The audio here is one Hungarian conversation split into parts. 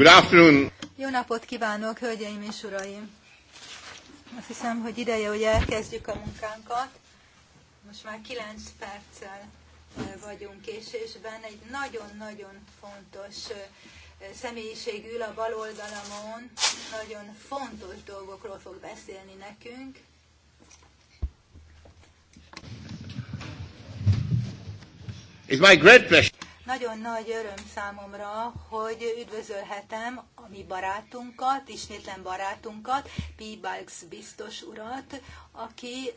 Good afternoon. Jó napot kívánok, hölgyeim és uraim! Azt hiszem, hogy ideje, hogy elkezdjük a munkánkat. Most már 9 perccel vagyunk késésben. Egy nagyon-nagyon fontos személyiség ül a bal oldalamon. Nagyon fontos dolgokról fog beszélni nekünk. It's my great pleasure. Nagyon nagy öröm számomra, hogy üdvözölhetem a mi barátunkat, ismétlen barátunkat, P. Bikes biztos urat, aki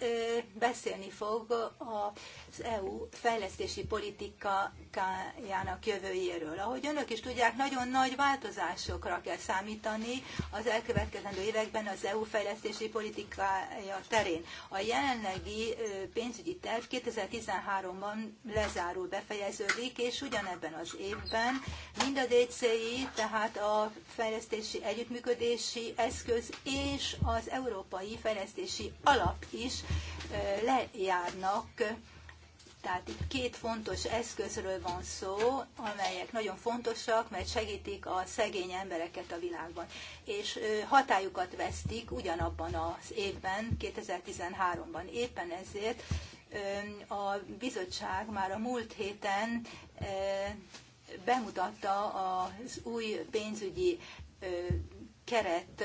beszélni fog az EU fejlesztési politikájának jövőjéről. Ahogy önök is tudják, nagyon nagy változásokra kell számítani az elkövetkezendő években az EU fejlesztési politikája terén. A jelenlegi pénzügyi terv 2013-ban lezárul, befejeződik, és ugyanebben az évben mind a DCI, tehát a fejlesztési együttműködési eszköz és az Európai Fejlesztési Alap alap is lejárnak. Tehát itt két fontos eszközről van szó, amelyek nagyon fontosak, mert segítik a szegény embereket a világban. És hatályukat vesztik ugyanabban az évben, 2013-ban. Éppen ezért a bizottság már a múlt héten bemutatta az új pénzügyi keret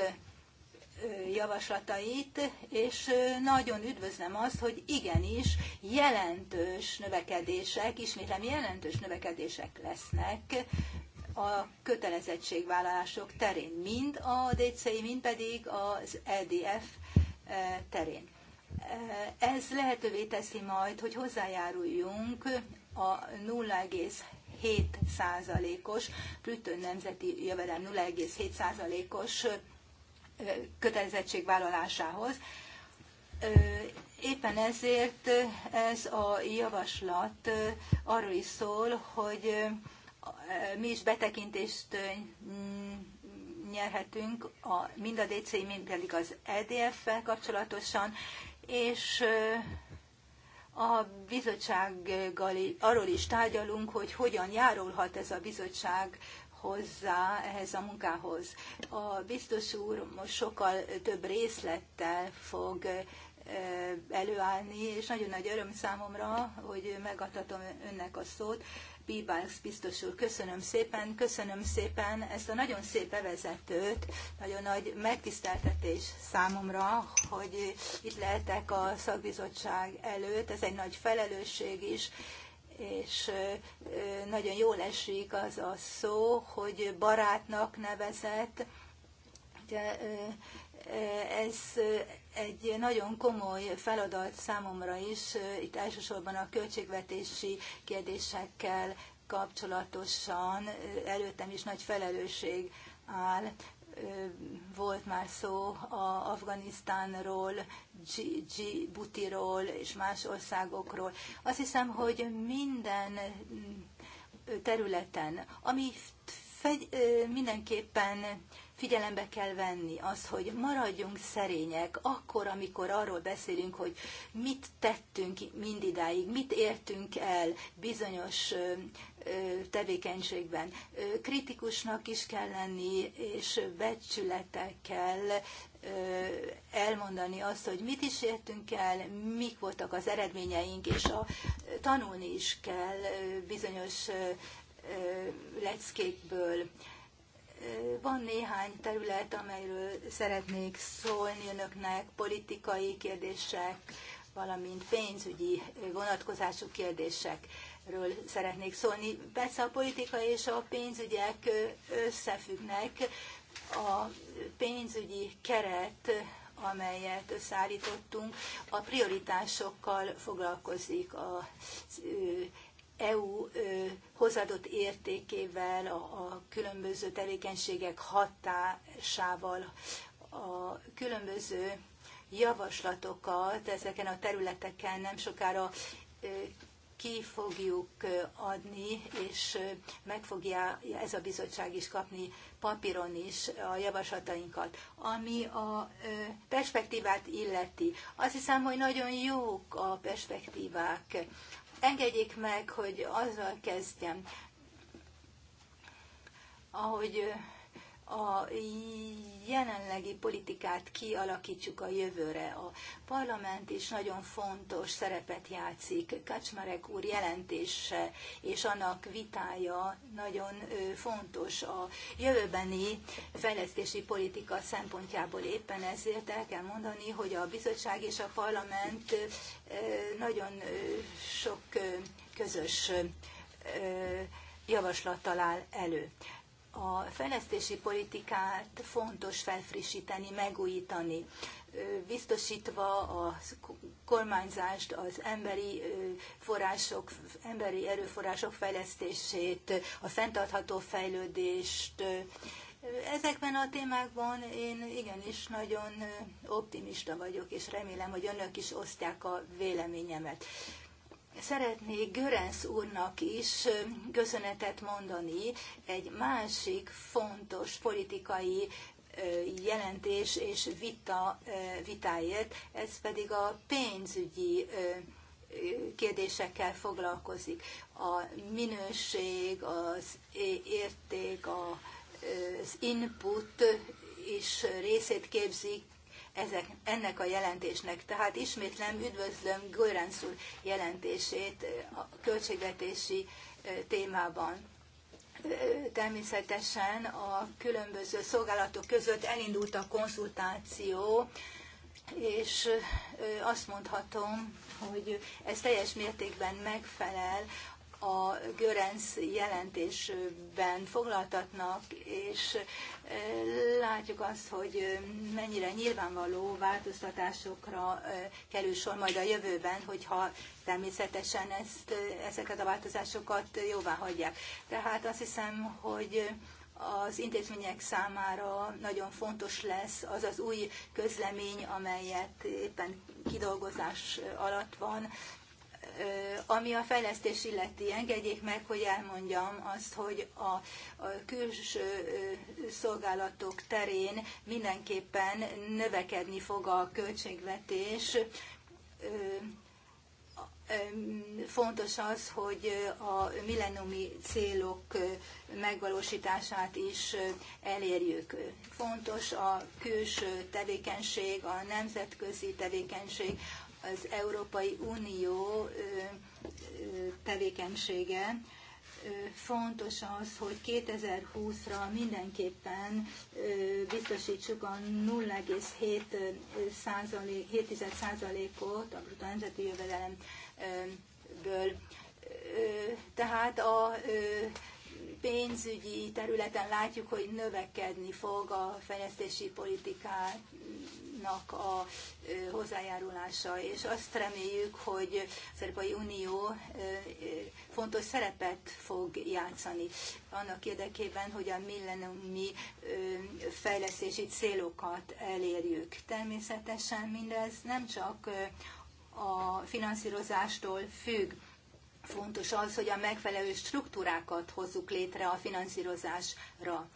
javaslatait, és nagyon üdvözlöm azt, hogy igenis jelentős növekedések, ismétlem jelentős növekedések lesznek a kötelezettségvállalások terén, mind a DCI, mind pedig az EDF terén. Ez lehetővé teszi majd, hogy hozzájáruljunk a 0,7%-os, plüton nemzeti jövedelem 0,7%-os kötelezettségvállalásához. Éppen ezért ez a javaslat arról is szól, hogy mi is betekintést nyerhetünk a, mind a DC, mind pedig az EDF-fel kapcsolatosan, és a bizottsággal arról is tárgyalunk, hogy hogyan járulhat ez a bizottság hozzá ehhez a munkához. A biztos úr most sokkal több részlettel fog eh, előállni, és nagyon nagy öröm számomra, hogy megadhatom önnek a szót. Bibász biztos úr, köszönöm szépen, köszönöm szépen ezt a nagyon szép bevezetőt, nagyon nagy megtiszteltetés számomra, hogy itt lehetek a szakbizottság előtt, ez egy nagy felelősség is, és nagyon jól esik az a szó, hogy barátnak nevezett. Ugye, ez egy nagyon komoly feladat számomra is, itt elsősorban a költségvetési kérdésekkel kapcsolatosan előttem is nagy felelősség áll volt már szó a Afganisztánról, Djibutiról és más országokról. Azt hiszem, hogy minden mm, területen, ami fegy, mindenképpen figyelembe kell venni az, hogy maradjunk szerények akkor, amikor arról beszélünk, hogy mit tettünk mindidáig, mit értünk el bizonyos tevékenységben. Kritikusnak is kell lenni, és becsülettel kell elmondani azt, hogy mit is értünk el, mik voltak az eredményeink, és a, tanulni is kell bizonyos leckékből. Van néhány terület, amelyről szeretnék szólni önöknek, politikai kérdések, valamint pénzügyi vonatkozású kérdésekről szeretnék szólni. Persze a politika és a pénzügyek összefüggnek. A pénzügyi keret, amelyet összeállítottunk, a prioritásokkal foglalkozik az EU hozadott értékével, a, a különböző tevékenységek hatásával, a különböző javaslatokat ezeken a területeken nem sokára ki fogjuk adni, és meg fogja ez a bizottság is kapni papíron is a javaslatainkat. Ami a perspektívát illeti, azt hiszem, hogy nagyon jók a perspektívák. Engedjék meg, hogy azzal kezdjem, ahogy a jelenlegi politikát kialakítsuk a jövőre. A parlament is nagyon fontos szerepet játszik. Kacsmarek úr jelentése és annak vitája nagyon fontos a jövőbeni fejlesztési politika szempontjából. Éppen ezért el kell mondani, hogy a bizottság és a parlament nagyon sok közös javaslattal áll elő a fejlesztési politikát fontos felfrissíteni, megújítani, biztosítva a kormányzást, az emberi források, emberi erőforrások fejlesztését, a fenntartható fejlődést. Ezekben a témákban én igenis nagyon optimista vagyok, és remélem, hogy önök is osztják a véleményemet. Szeretnék Görenc úrnak is köszönetet mondani egy másik fontos politikai jelentés és vita, vitáért, ez pedig a pénzügyi kérdésekkel foglalkozik. A minőség, az érték, az input is részét képzik ezek, ennek a jelentésnek. Tehát ismétlem üdvözlöm Görenc úr jelentését a költségvetési témában. Természetesen a különböző szolgálatok között elindult a konzultáció, és azt mondhatom, hogy ez teljes mértékben megfelel a Görenc jelentésben foglaltatnak, és e, látjuk azt, hogy e, mennyire nyilvánvaló változtatásokra e, kerül sor majd a jövőben, hogyha természetesen ezt, ezeket a változásokat jóvá hagyják. Tehát azt hiszem, hogy az intézmények számára nagyon fontos lesz az az új közlemény, amelyet éppen kidolgozás alatt van, ami a fejlesztés illeti, engedjék meg, hogy elmondjam azt, hogy a, a külső szolgálatok terén mindenképpen növekedni fog a költségvetés. Fontos az, hogy a millenniumi célok megvalósítását is elérjük. Fontos a külső tevékenység, a nemzetközi tevékenység, az Európai Unió tevékenysége. Fontos az, hogy 2020-ra mindenképpen biztosítsuk a 0,7%-ot a brutó nemzeti jövedelemből. Tehát a pénzügyi területen látjuk, hogy növekedni fog a fejlesztési politikát nak a hozzájárulása, és azt reméljük, hogy az Európai Unió fontos szerepet fog játszani annak érdekében, hogy a millenniumi fejlesztési célokat elérjük. Természetesen mindez nem csak a finanszírozástól függ, fontos az, hogy a megfelelő struktúrákat hozzuk létre a finanszírozásra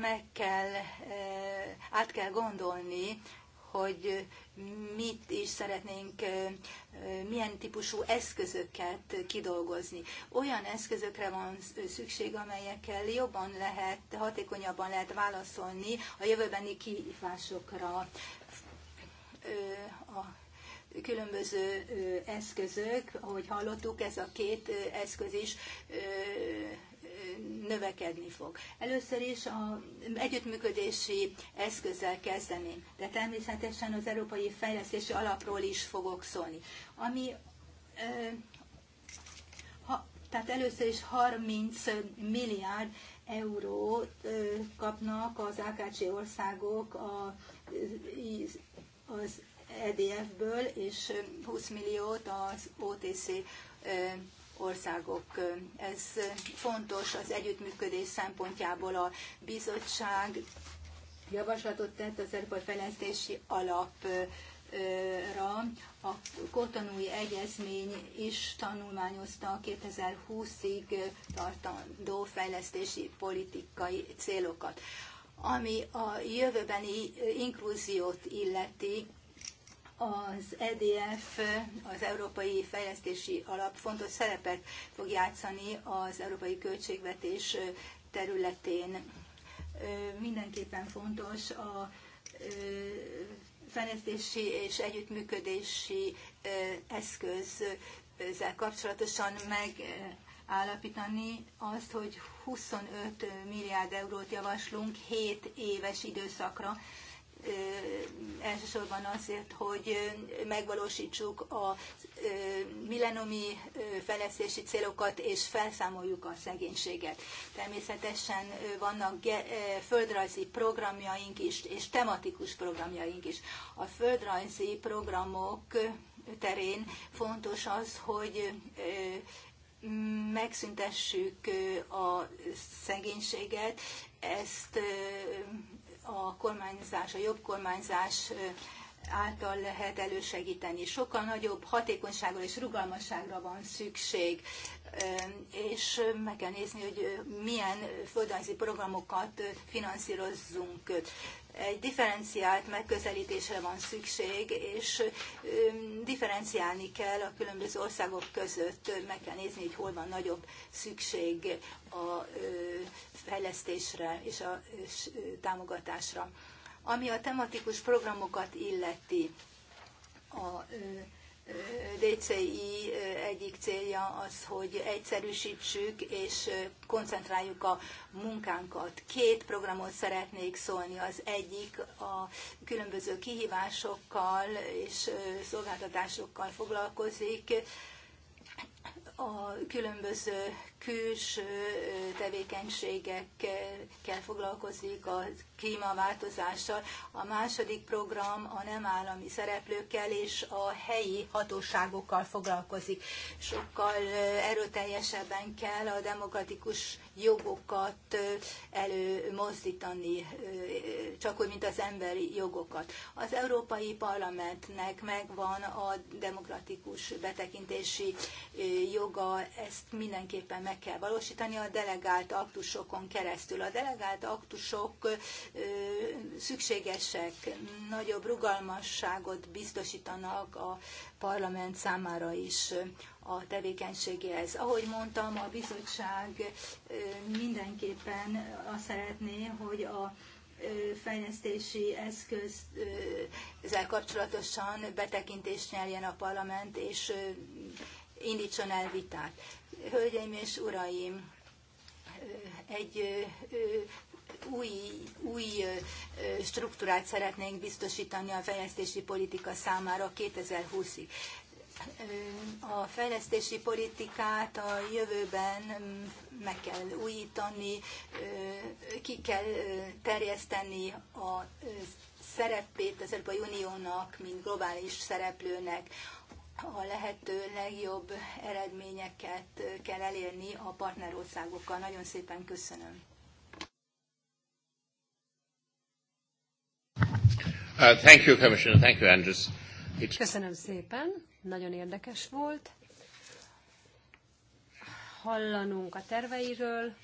meg kell, eh, át kell gondolni, hogy mit is szeretnénk, eh, eh, milyen típusú eszközöket kidolgozni. Olyan eszközökre van szükség, amelyekkel jobban lehet, hatékonyabban lehet válaszolni a jövőbeni kihívásokra. A különböző eszközök, ahogy hallottuk, ez a két eszköz is növekedni fog. Először is a együttműködési eszközzel kezdeném, de természetesen az Európai Fejlesztési Alapról is fogok szólni. Ami ha, tehát először is 30 milliárd eurót kapnak az AKC országok a, az EDF-ből, és 20 milliót az OTC országok. Ez fontos az együttműködés szempontjából a bizottság javaslatot tett az Európai Fejlesztési Alapra. A Kotonúi Egyezmény is tanulmányozta a 2020-ig tartandó fejlesztési politikai célokat. Ami a jövőbeni inkluziót illeti, az EDF, az Európai Fejlesztési Alap fontos szerepet fog játszani az európai költségvetés területén. Mindenképpen fontos a fejlesztési és együttműködési eszköz ezzel kapcsolatosan megállapítani azt, hogy 25 milliárd eurót javaslunk 7 éves időszakra elsősorban azért, hogy megvalósítsuk a millenomi fejlesztési célokat, és felszámoljuk a szegénységet. Természetesen vannak földrajzi programjaink is, és tematikus programjaink is. A földrajzi programok terén fontos az, hogy megszüntessük a szegénységet, ezt a kormányzás, a jobb kormányzás által lehet elősegíteni. Sokkal nagyobb hatékonyságra és rugalmasságra van szükség, és meg kell nézni, hogy milyen földrajzi programokat finanszírozzunk. Egy differenciált megközelítésre van szükség, és differenciálni kell a különböző országok között, meg kell nézni, hogy hol van nagyobb szükség a fejlesztésre és a támogatásra. Ami a tematikus programokat illeti, a DCI egyik célja az, hogy egyszerűsítsük és koncentráljuk a munkánkat. Két programot szeretnék szólni. Az egyik a különböző kihívásokkal és szolgáltatásokkal foglalkozik, a különböző külső tevékenységekkel foglalkozik, a klímaváltozással. A második program a nem állami szereplőkkel és a helyi hatóságokkal foglalkozik. Sokkal erőteljesebben kell a demokratikus jogokat előmozdítani, csak úgy, mint az emberi jogokat. Az Európai Parlamentnek megvan a demokratikus betekintési joga, ezt mindenképpen meg kell valósítani a delegált aktusokon keresztül. A delegált aktusok szükségesek, nagyobb rugalmasságot biztosítanak a parlament számára is a tevékenységéhez. Ahogy mondtam, a bizottság mindenképpen azt szeretné, hogy a fejlesztési eszköz ezzel kapcsolatosan betekintést nyerjen a parlament, és indítson el vitát. Hölgyeim és uraim, egy új, új struktúrát szeretnénk biztosítani a fejlesztési politika számára 2020-ig. A fejlesztési politikát a jövőben mm, meg kell újítani, ki kell terjeszteni a szerepét az Európai Uniónak, mint globális szereplőnek, a lehető legjobb eredményeket kell elérni a partnerországokkal. Nagyon szépen köszönöm. Uh, thank you, Commissioner. Thank you, Andres. Köszönöm szépen. Nagyon érdekes volt hallanunk a terveiről.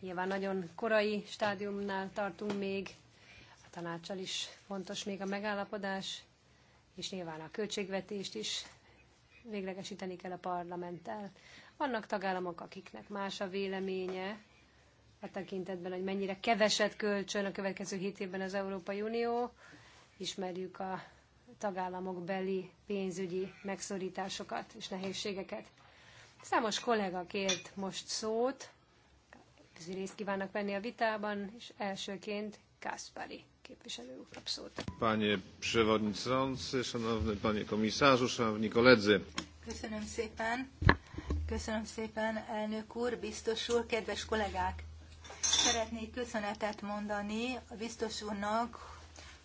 Nyilván nagyon korai stádiumnál tartunk még, a tanácsal is fontos még a megállapodás, és nyilván a költségvetést is véglegesíteni kell a parlamenttel. Vannak tagállamok, akiknek más a véleménye a tekintetben, hogy mennyire keveset kölcsön a következő hét évben az Európai Unió. Ismerjük a tagállamok beli pénzügyi megszorításokat és nehézségeket. Számos kollega kért most szót, közül részt kívánnak venni a vitában, és elsőként Kaspari képviselő úr kap szót. Panie Przewodniczący, Szanowny Panie Komisarzu, Szanowni Koledzy! Köszönöm szépen! Köszönöm szépen, elnök úr, biztos úr, kedves kollégák! Szeretnék köszönetet mondani a biztos úrnak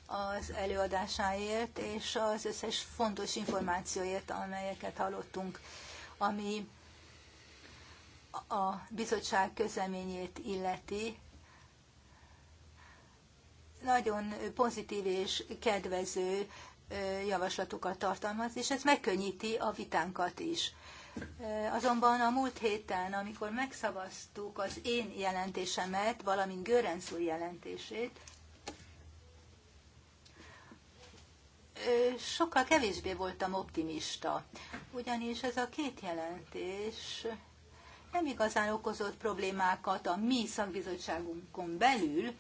az előadásáért és az összes fontos információért, amelyeket hallottunk, ami a bizottság közleményét illeti. Nagyon pozitív és kedvező javaslatokat tartalmaz, és ez megkönnyíti a vitánkat is. Eh, azonban a múlt héten, amikor megszavaztuk az én jelentésemet, valamint Görenc úr jelentését, sokkal kevésbé voltam optimista, ugyanis ez a két jelentés nem igazán okozott problémákat a mi szakbizottságunkon belül.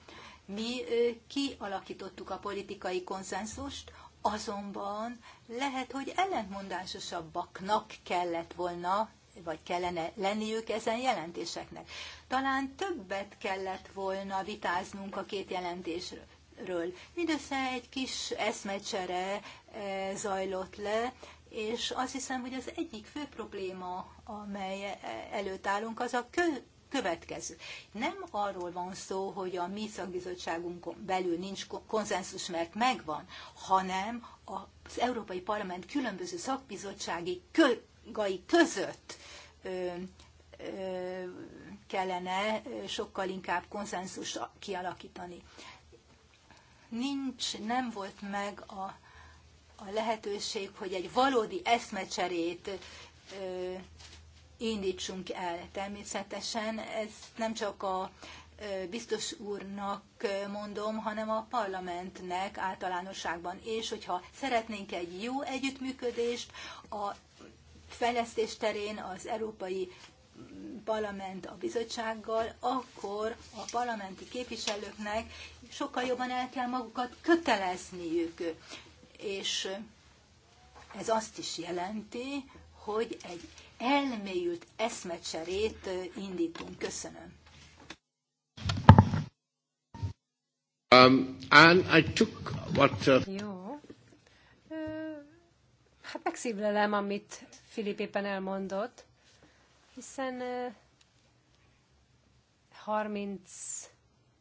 Mi kialakítottuk a politikai konszenzust, Azonban lehet, hogy ellentmondásosabbaknak kellett volna, vagy kellene lenniük ezen jelentéseknek. Talán többet kellett volna vitáznunk a két jelentésről Mindössze egy kis eszmecsere e, zajlott le, és azt hiszem, hogy az egyik fő probléma, amely e, előtt állunk, az a következő. Nem arról van szó, hogy a mi szakbizottságunkon belül nincs konszenzus, mert megvan, hanem az Európai Parlament különböző szakbizottsági kögai között ö, ö, kellene sokkal inkább konszenzus kialakítani. Nincs, nem volt meg a, a lehetőség, hogy egy valódi eszmecserét ö, indítsunk el. Természetesen ez nem csak a biztos úrnak mondom, hanem a parlamentnek általánosságban. És hogyha szeretnénk egy jó együttműködést a fejlesztés terén az Európai Parlament a bizottsággal, akkor a parlamenti képviselőknek sokkal jobban el kell magukat kötelezniük. És ez azt is jelenti, hogy egy elmélyült eszmecserét indítunk. Köszönöm. Um, and I took what, uh... Jó. Hát megszívlelem, amit Filip éppen elmondott, hiszen 30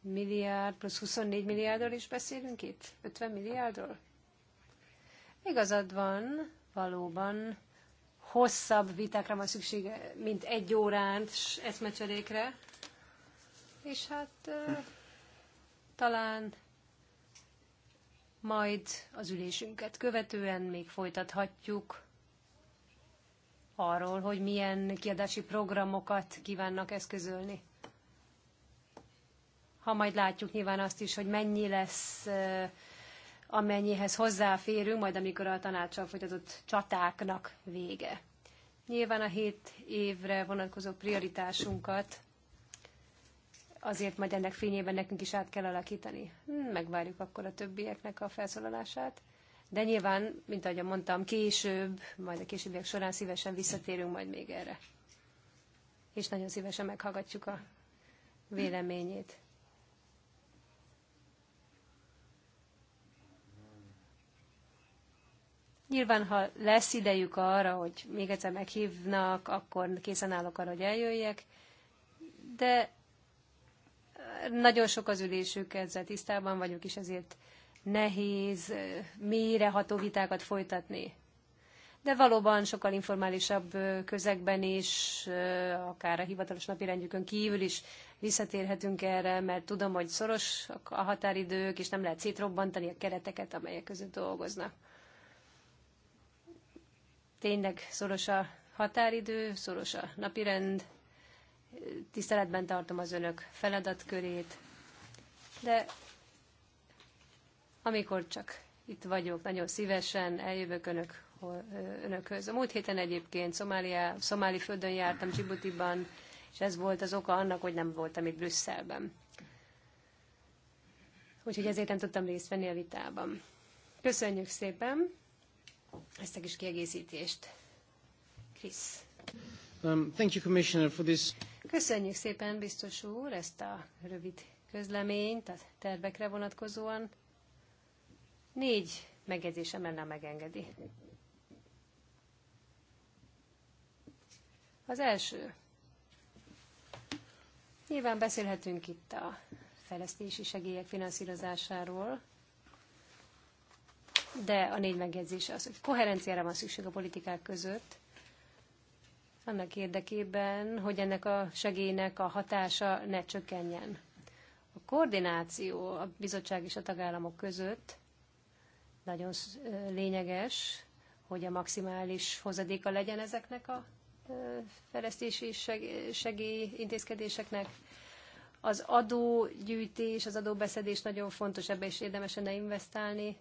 milliárd plusz 24 milliárdról is beszélünk itt? 50 milliárdról? Igazad van, valóban hosszabb vitákra van szükség, mint egy órán eszmecserékre. És hát talán majd az ülésünket követően még folytathatjuk arról, hogy milyen kiadási programokat kívánnak eszközölni. Ha majd látjuk nyilván azt is, hogy mennyi lesz, amennyihez hozzáférünk, majd amikor a tanácsal folytatott csatáknak vége. Nyilván a hét évre vonatkozó prioritásunkat azért majd ennek fényében nekünk is át kell alakítani. Megvárjuk akkor a többieknek a felszólalását. De nyilván, mint ahogy mondtam, később, majd a későbbiek során szívesen visszatérünk majd még erre. És nagyon szívesen meghallgatjuk a véleményét. Nyilván, ha lesz idejük arra, hogy még egyszer meghívnak, akkor készen állok arra, hogy eljöjjek, de eh, nagyon sok az ülésük, ezzel tisztában vagyok, és ezért nehéz eh, mélyreható vitákat folytatni. De valóban sokkal informálisabb eh, közegben is, akár a hivatalos napi rendjükön kívül is visszatérhetünk erre, mert tudom, hogy szoros a határidők, és nem lehet szétrobbantani a kereteket, amelyek között dolgoznak tényleg szoros a határidő, szoros a napirend, tiszteletben tartom az önök feladatkörét, de amikor csak itt vagyok, nagyon szívesen eljövök önök, önökhöz. A múlt héten egyébként Szomália, Szomáli földön jártam, Djibouti-ban, és ez volt az oka annak, hogy nem voltam itt Brüsszelben. Úgyhogy ezért nem tudtam részt venni a vitában. Köszönjük szépen! ezt a kis kiegészítést. Krisz. Um, thank you, Commissioner, for this. Köszönjük szépen, biztos úr, ezt a rövid közleményt a tervekre vonatkozóan. Négy megjegyzésem lenne megengedi. Az első. Nyilván beszélhetünk itt a fejlesztési segélyek finanszírozásáról, de a négy megjegyzés az, hogy koherenciára van szükség a politikák között, annak érdekében, hogy ennek a segélynek a hatása ne csökkenjen. A koordináció a bizottság és a tagállamok között nagyon lényeges, hogy a maximális hozadéka legyen ezeknek a fejlesztési segélyintézkedéseknek. Az adógyűjtés, az adóbeszedés nagyon fontos, ebbe is érdemes lenne investálni,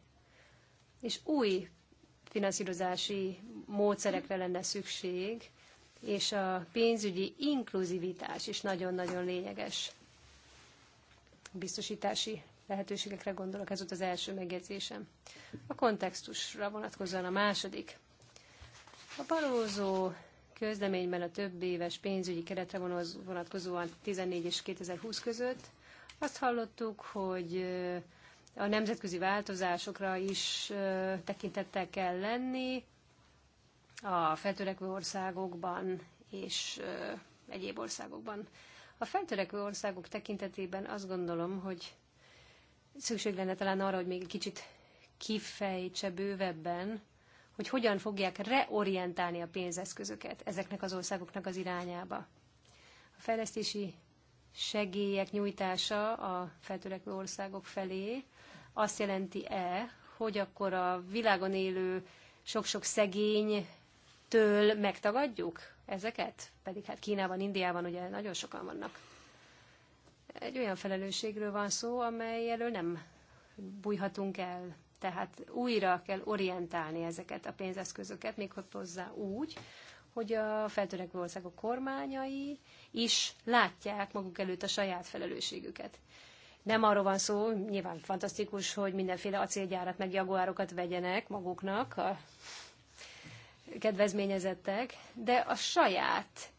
és új finanszírozási módszerekre lenne szükség, és a pénzügyi inkluzivitás is nagyon-nagyon lényeges biztosítási lehetőségekre gondolok, ez volt az első megjegyzésem. A kontextusra vonatkozóan a második. A Barózó közleményben a több éves pénzügyi keretre vonatkozóan 14 és 2020 között azt hallottuk, hogy a nemzetközi változásokra is tekintettel kell lenni a feltörekvő országokban és egyéb országokban. A feltörekvő országok tekintetében azt gondolom, hogy szükség lenne talán arra, hogy még egy kicsit kifejtse bővebben, hogy hogyan fogják reorientálni a pénzeszközöket ezeknek az országoknak az irányába. A fejlesztési segélyek nyújtása a feltörekvő országok felé azt jelenti-e, hogy akkor a világon élő sok-sok szegénytől megtagadjuk ezeket? Pedig hát Kínában, Indiában ugye nagyon sokan vannak. Egy olyan felelősségről van szó, amely elől nem bújhatunk el. Tehát újra kell orientálni ezeket a pénzeszközöket, méghozzá úgy, hogy a feltörekvő országok kormányai is látják maguk előtt a saját felelősségüket. Nem arról van szó, nyilván fantasztikus, hogy mindenféle acélgyárat meg jaguárokat vegyenek maguknak a kedvezményezettek, de a saját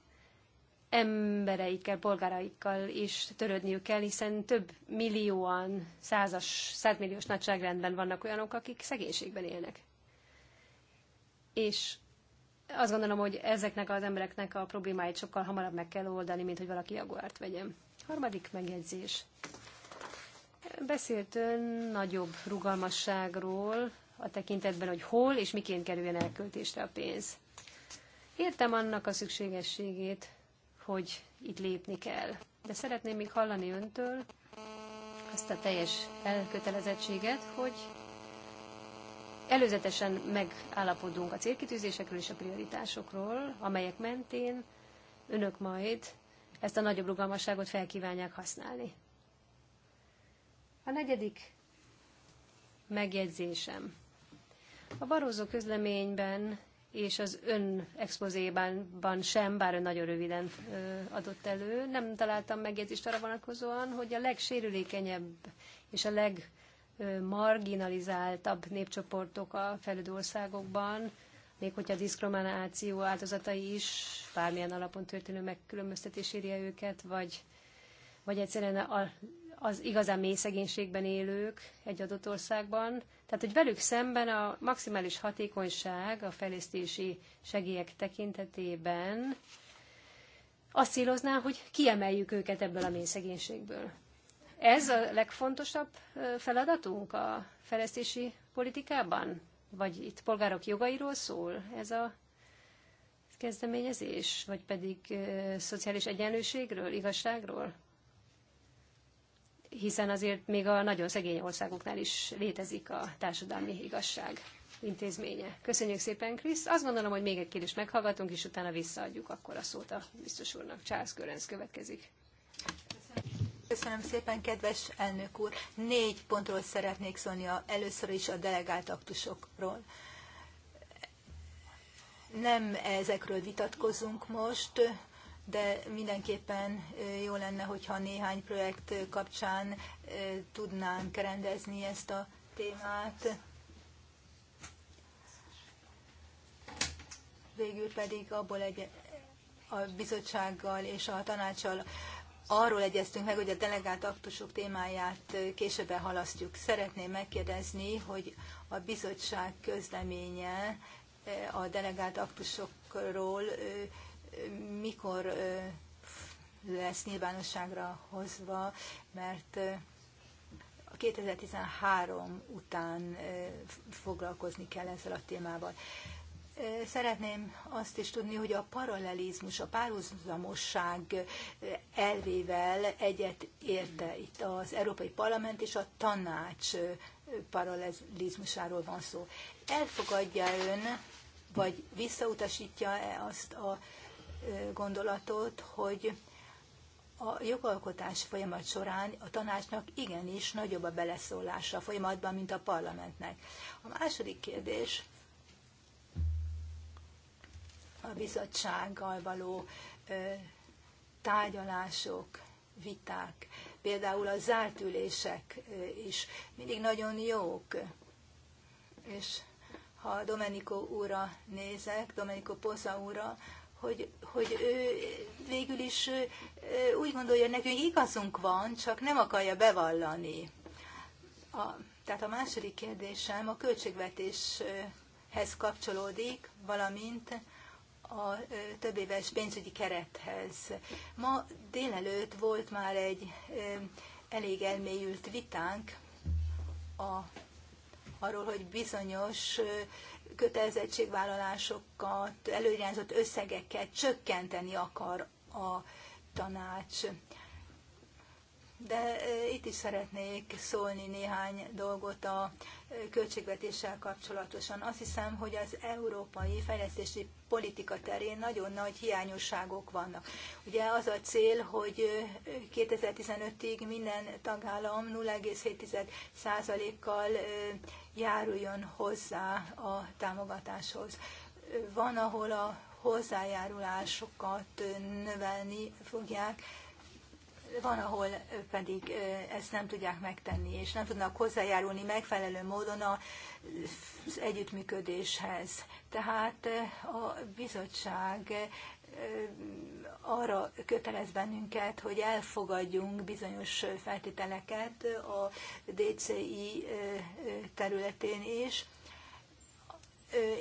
embereikkel, polgáraikkal is törődniük kell, hiszen több millióan, százas, százmilliós nagyságrendben vannak olyanok, akik szegénységben élnek. És azt gondolom, hogy ezeknek az embereknek a problémáit sokkal hamarabb meg kell oldani, mint hogy valaki jaguárt vegyen. Harmadik megjegyzés. Beszélt ön nagyobb rugalmasságról a tekintetben, hogy hol és miként kerüljön elköltésre a pénz. Értem annak a szükségességét, hogy itt lépni kell. De szeretném még hallani öntől azt a teljes elkötelezettséget, hogy előzetesen megállapodunk a célkitűzésekről és a prioritásokról, amelyek mentén önök majd ezt a nagyobb rugalmasságot felkívánják használni. A negyedik megjegyzésem. A Barózó közleményben és az ön expozéban sem, bár ön nagyon röviden adott elő, nem találtam megjegyzést arra vonatkozóan, hogy a legsérülékenyebb és a legmarginalizáltabb népcsoportok a fejlődő országokban, még hogyha a diszkrimináció áldozatai is bármilyen alapon történő megkülönböztetés érje őket, vagy, vagy egyszerűen a az igazán mély szegénységben élők egy adott országban. Tehát, hogy velük szemben a maximális hatékonyság a fejlesztési segélyek tekintetében azt célozná, hogy kiemeljük őket ebből a mély szegénységből. Ez a legfontosabb feladatunk a fejlesztési politikában? Vagy itt polgárok jogairól szól ez a kezdeményezés? Vagy pedig szociális egyenlőségről, igazságról? hiszen azért még a nagyon szegény országoknál is létezik a társadalmi igazság intézménye. Köszönjük szépen, Krisz. Azt gondolom, hogy még egy kérdést meghallgatunk, és utána visszaadjuk akkor a szót a biztos úrnak. Charles Görenc következik. Köszönöm szépen, kedves elnök úr. Négy pontról szeretnék szólni a először is a delegált aktusokról. Nem ezekről vitatkozunk most, de mindenképpen jó lenne, hogyha néhány projekt kapcsán tudnánk rendezni ezt a témát. Végül pedig abból egy, a bizottsággal és a tanácssal arról egyeztünk meg, hogy a delegált aktusok témáját később halasztjuk. Szeretném megkérdezni, hogy a bizottság közleménye a delegált aktusokról mikor lesz nyilvánosságra hozva, mert a 2013 után foglalkozni kell ezzel a témával. Szeretném azt is tudni, hogy a paralelizmus, a párhuzamosság elvével egyet érte itt az Európai Parlament és a tanács paralelizmusáról van szó. Elfogadja ön, vagy visszautasítja-e azt a gondolatot, hogy a jogalkotás folyamat során a tanácsnak igenis nagyobb a beleszólása a folyamatban, mint a parlamentnek. A második kérdés a bizottsággal való tárgyalások, viták, például a zárt ülések is mindig nagyon jók. És ha Domenico úra nézek, Domenico Poza úra, hogy, hogy ő végül is úgy gondolja, nekünk igazunk van, csak nem akarja bevallani. A, tehát a második kérdésem a költségvetéshez kapcsolódik, valamint a több éves pénzügyi kerethez. Ma délelőtt volt már egy elég elmélyült vitánk a arról, hogy bizonyos kötelezettségvállalásokat, előirányzott összegeket csökkenteni akar a tanács. De itt is szeretnék szólni néhány dolgot a költségvetéssel kapcsolatosan. Azt hiszem, hogy az európai fejlesztési politika terén nagyon nagy hiányosságok vannak. Ugye az a cél, hogy 2015-ig minden tagállam 0,7%-kal járuljon hozzá a támogatáshoz. Van, ahol a hozzájárulásokat növelni fogják, van, ahol pedig ezt nem tudják megtenni, és nem tudnak hozzájárulni megfelelő módon az együttműködéshez. Tehát a bizottság arra kötelez bennünket, hogy elfogadjunk bizonyos feltételeket a DCI területén is,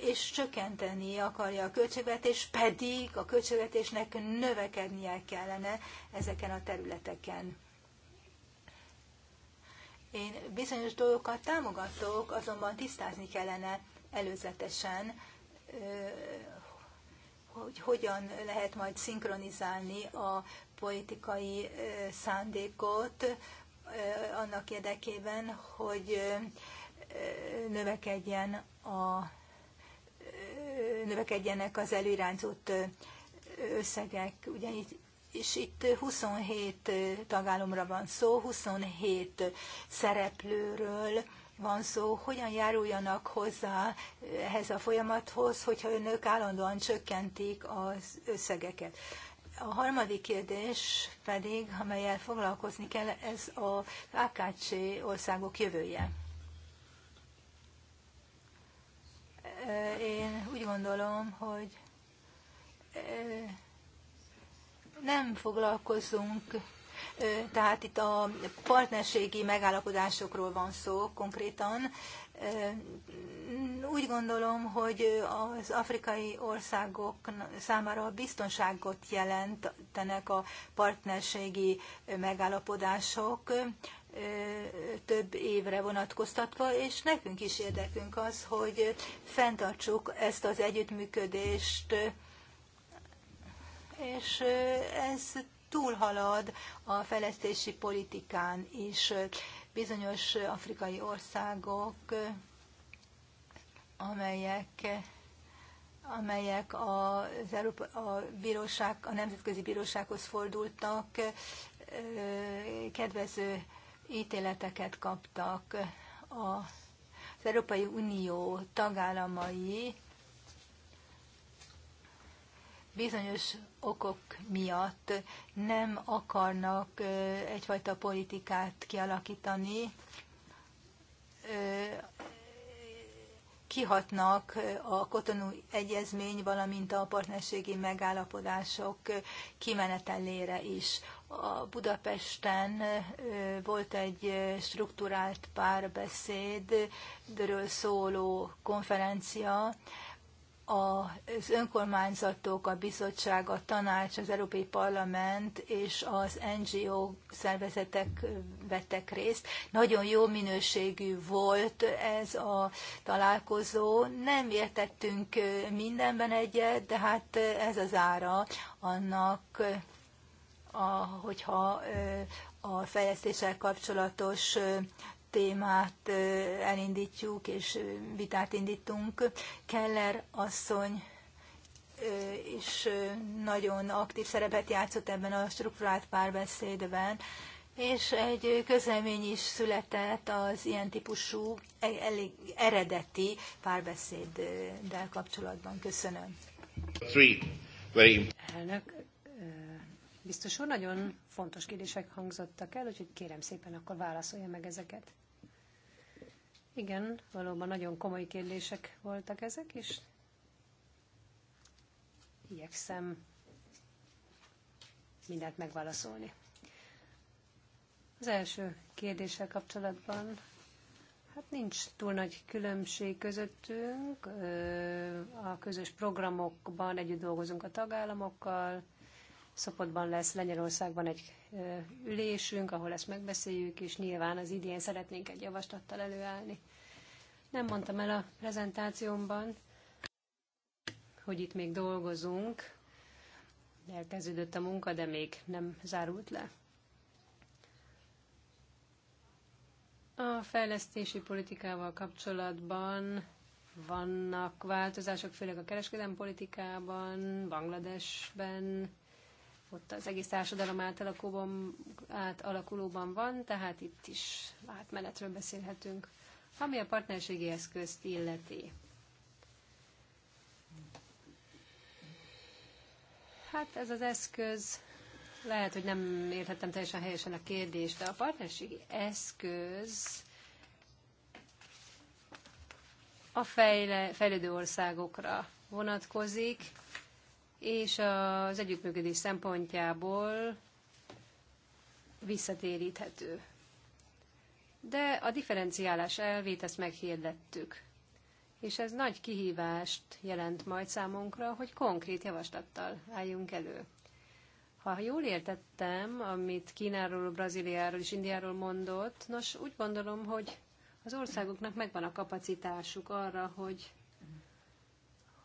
és csökkenteni akarja a költségvetés, pedig a költségvetésnek növekednie kellene ezeken a területeken. Én bizonyos dolgokat támogatok, azonban tisztázni kellene előzetesen hogy hogyan lehet majd szinkronizálni a politikai szándékot annak érdekében, hogy növekedjen a, növekedjenek az előirányzott összegek. ugyanígy és itt 27 tagállamra van szó, 27 szereplőről, van szó, hogyan járuljanak hozzá ehhez a folyamathoz, hogyha önök állandóan csökkentik az összegeket. A harmadik kérdés pedig, amelyel foglalkozni kell, ez a AKC országok jövője. Én úgy gondolom, hogy nem foglalkozunk tehát itt a partnerségi megállapodásokról van szó konkrétan. Úgy gondolom, hogy az afrikai országok számára biztonságot jelentenek a partnerségi megállapodások több évre vonatkoztatva, és nekünk is érdekünk az, hogy fenntartsuk ezt az együttműködést, és ez túlhalad a fejlesztési politikán is. Bizonyos afrikai országok, amelyek amelyek az Európa, a, bíróság, a Nemzetközi Bírósághoz fordultak, kedvező ítéleteket kaptak. Az Európai Unió tagállamai bizonyos okok miatt nem akarnak egyfajta politikát kialakítani, kihatnak a kotonú egyezmény, valamint a partnerségi megállapodások kimenetelére is. A Budapesten volt egy strukturált párbeszéd, dörről szóló konferencia, az önkormányzatok, a bizottság, a tanács, az Európai Parlament és az NGO szervezetek vettek részt. Nagyon jó minőségű volt ez a találkozó. Nem értettünk mindenben egyet, de hát ez az ára annak, a, hogyha a fejlesztéssel kapcsolatos témát elindítjuk, és vitát indítunk. Keller asszony is nagyon aktív szerepet játszott ebben a struktúrált párbeszédben, és egy közlemény is született az ilyen típusú, e, elég eredeti párbeszéddel kapcsolatban. Köszönöm. Three. Very... Elnök, biztos úr, nagyon fontos kérdések hangzottak el, úgyhogy kérem szépen akkor válaszolja meg ezeket. Igen, valóban nagyon komoly kérdések voltak ezek, és igyekszem mindent megválaszolni. Az első kérdéssel kapcsolatban Hát nincs túl nagy különbség közöttünk. A közös programokban együtt dolgozunk a tagállamokkal, Szopotban lesz Lengyelországban egy ülésünk, ahol ezt megbeszéljük, és nyilván az idén szeretnénk egy javaslattal előállni. Nem mondtam el a prezentációmban, hogy itt még dolgozunk, elkezdődött a munka, de még nem zárult le. A fejlesztési politikával kapcsolatban vannak változások, főleg a kereskedelmi politikában, Bangladesben, ott az egész társadalom átalakulóban, átalakulóban van, tehát itt is átmenetről beszélhetünk. Ami a partnerségi eszközt illeti. Hát ez az eszköz, lehet, hogy nem érthettem teljesen helyesen a kérdést, de a partnerségi eszköz a fejle, fejlődő országokra vonatkozik, és az együttműködés szempontjából visszatéríthető. De a differenciálás elvét ezt meghirdettük, és ez nagy kihívást jelent majd számunkra, hogy konkrét javaslattal álljunk elő. Ha jól értettem, amit Kínáról, Brazíliáról és Indiáról mondott, nos, úgy gondolom, hogy az országoknak megvan a kapacitásuk arra, hogy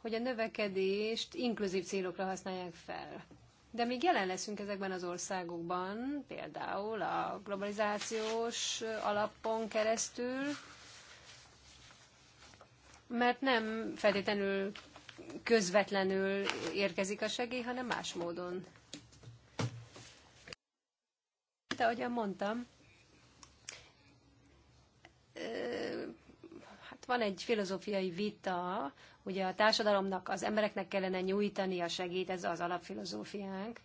hogy a növekedést inkluzív célokra használják fel. De még jelen leszünk ezekben az országokban, például a globalizációs alapon keresztül, mert nem feltétlenül közvetlenül érkezik a segély, hanem más módon. Te, ahogyan mondtam, van egy filozófiai vita, ugye a társadalomnak, az embereknek kellene nyújtani a segít, ez az alapfilozófiánk.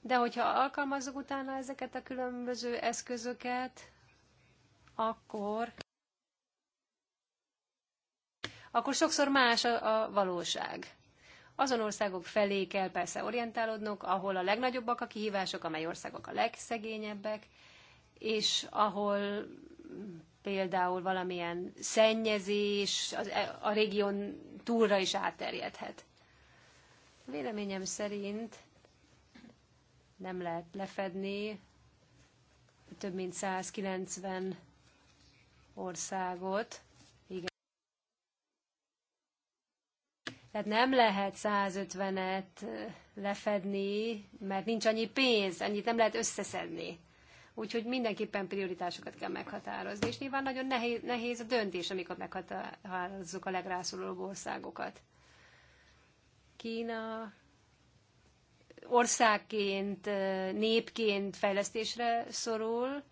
De hogyha alkalmazzuk utána ezeket a különböző eszközöket, akkor, akkor sokszor más a, a valóság. Azon országok felé kell persze orientálódnunk, ahol a legnagyobbak a kihívások, amely országok a legszegényebbek, és ahol például valamilyen szennyezés e, a régión túlra is átterjedhet. Véleményem szerint nem lehet lefedni több mint 190 országot. Igen. Tehát nem lehet 150-et lefedni, mert nincs annyi pénz, annyit nem lehet összeszedni. Úgyhogy mindenképpen prioritásokat kell meghatározni, és nyilván nagyon nehéz, nehéz a döntés, amikor meghatározzuk a legrászorulóbb országokat. Kína országként, népként fejlesztésre szorul,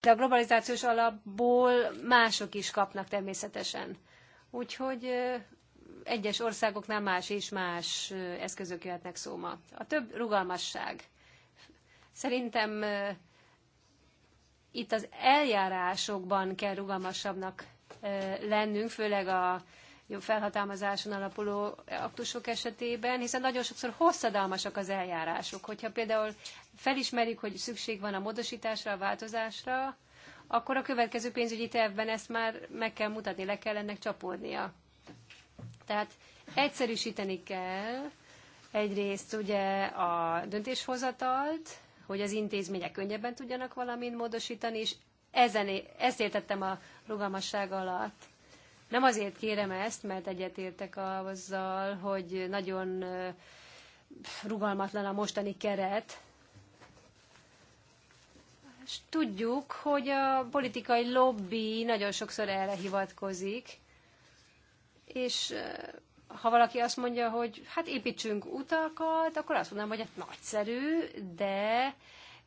de a globalizációs alapból mások is kapnak természetesen. Úgyhogy egyes országoknál más és más eszközök jöhetnek szóma. A több rugalmasság. Szerintem itt az eljárásokban kell rugalmasabbnak lennünk, főleg a felhatalmazáson alapuló aktusok esetében, hiszen nagyon sokszor hosszadalmasak az eljárások. Hogyha például felismerjük, hogy szükség van a módosításra, a változásra, akkor a következő pénzügyi tervben ezt már meg kell mutatni, le kell ennek csapódnia. Tehát egyszerűsíteni kell egyrészt ugye a döntéshozatalt, hogy az intézmények könnyebben tudjanak valamint módosítani, és ezen, ezt értettem a rugalmasság alatt. Nem azért kérem ezt, mert egyetértek azzal, hogy nagyon rugalmatlan a mostani keret, és tudjuk, hogy a politikai lobby nagyon sokszor erre hivatkozik, és ha valaki azt mondja, hogy hát építsünk utakat, akkor azt mondom, hogy hát nagyszerű, de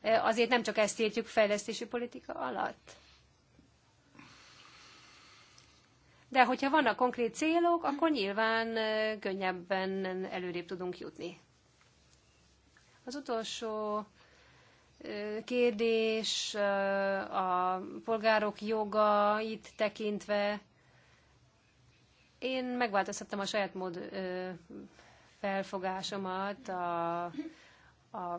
azért nem csak ezt értjük fejlesztési politika alatt. De hogyha vannak konkrét célok, akkor nyilván könnyebben előrébb tudunk jutni. Az utolsó kérdés a polgárok jogait tekintve én megváltoztattam a saját mód ö, felfogásomat, a, a,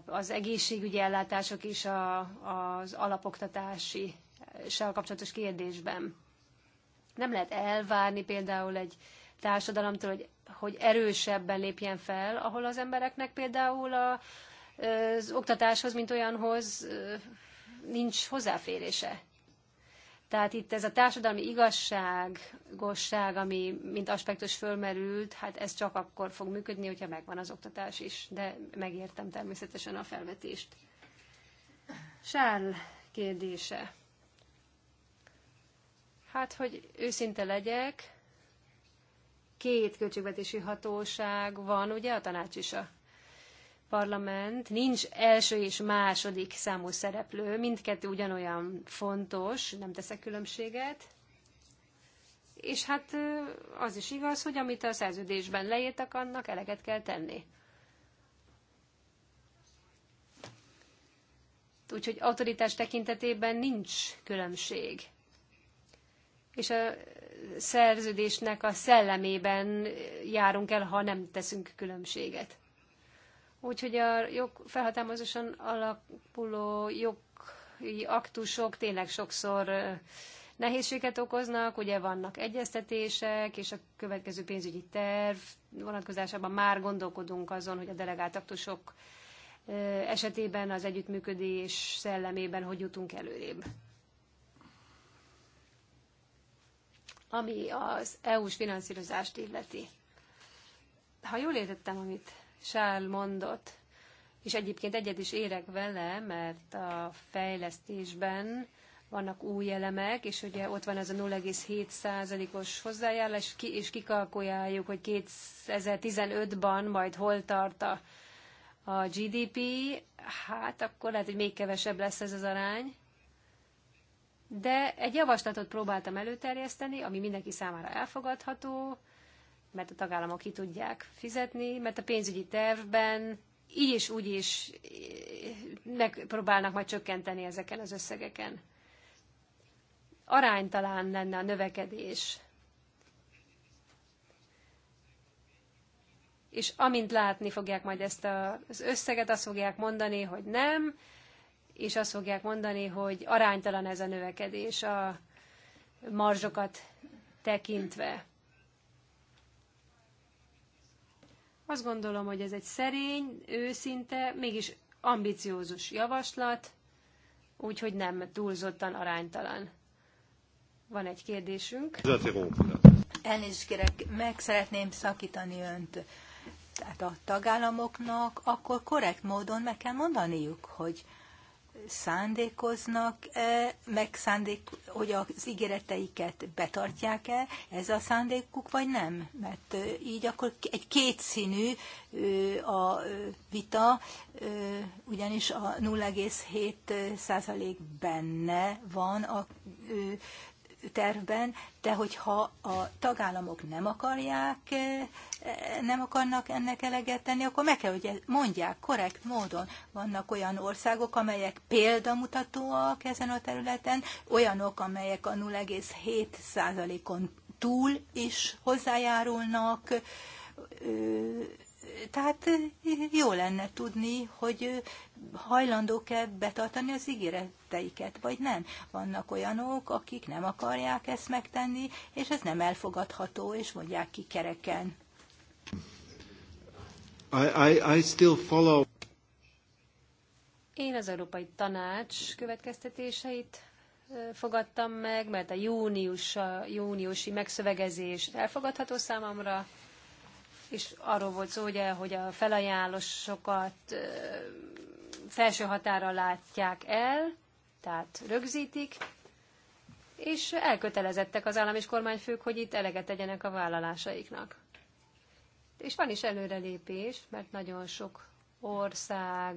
az egészségügyi ellátások és a, az alapoktatási sel kapcsolatos kérdésben. Nem lehet elvárni például egy társadalomtól, hogy, hogy erősebben lépjen fel, ahol az embereknek például a, az oktatáshoz, mint olyanhoz nincs hozzáférése. Tehát itt ez a társadalmi igazságosság, ami mint aspektus fölmerült, hát ez csak akkor fog működni, hogyha megvan az oktatás is. De megértem természetesen a felvetést. Sárl kérdése. Hát, hogy őszinte legyek, két költségvetési hatóság van, ugye, a tanács is a parlament nincs első és második számú szereplő, mindkettő ugyanolyan fontos, nem teszek különbséget. És hát az is igaz, hogy amit a szerződésben leírtak, annak eleget kell tenni. Úgyhogy autoritás tekintetében nincs különbség. És a szerződésnek a szellemében járunk el, ha nem teszünk különbséget. Úgyhogy a jog, felhatalmazáson alapuló jogi aktusok tényleg sokszor nehézséget okoznak, ugye vannak egyeztetések, és a következő pénzügyi terv vonatkozásában már gondolkodunk azon, hogy a delegált aktusok esetében az együttműködés szellemében hogy jutunk előrébb. Ami az EU-s finanszírozást illeti. Ha jól értettem, amit Sál mondott, és egyébként egyet is érek vele, mert a fejlesztésben vannak új elemek, és ugye ott van ez a 0,7%-os hozzájárulás, és kikalkuláljuk, hogy 2015-ban majd hol tart a, a GDP, hát akkor lehet, hogy még kevesebb lesz ez az arány. De egy javaslatot próbáltam előterjeszteni, ami mindenki számára elfogadható, mert a tagállamok ki tudják fizetni, mert a pénzügyi tervben így is úgy is eh, megpróbálnak majd csökkenteni ezeken az összegeken. Aránytalán lenne a növekedés. És amint látni fogják majd ezt a, az összeget, azt fogják mondani, hogy nem, és azt fogják mondani, hogy aránytalan ez a növekedés a marzsokat tekintve. Azt gondolom, hogy ez egy szerény, őszinte, mégis ambiciózus javaslat, úgyhogy nem túlzottan aránytalan. Van egy kérdésünk. Elnézést kérek, meg szeretném szakítani önt. Tehát a tagállamoknak akkor korrekt módon meg kell mondaniuk, hogy szándékoznak-e, meg szándék, hogy az ígéreteiket betartják-e, ez a szándékuk, vagy nem? Mert így akkor egy kétszínű a vita, ugyanis a 0,7 százalék benne van a tervben, de hogyha a tagállamok nem akarják, eh, eh, nem akarnak ennek eleget tenni, akkor meg kell, hogy mondják korrekt módon. Vannak olyan országok, amelyek példamutatóak ezen a területen, olyanok, amelyek a 0,7%-on túl is hozzájárulnak, tehát jó lenne tudni, hogy hajlandók-e betartani az ígéreteiket, vagy nem. Vannak olyanok, akik nem akarják ezt megtenni, és ez nem elfogadható, és mondják ki kereken. I, I, I still follow. Én az Európai Tanács következtetéseit fogadtam meg, mert a június, a júniusi megszövegezés elfogadható számomra, és arról volt szó, ugye, hogy a felajánlósokat felső határa látják el, tehát rögzítik, és elkötelezettek az állam és kormányfők, hogy itt eleget tegyenek a vállalásaiknak. És van is előrelépés, mert nagyon sok ország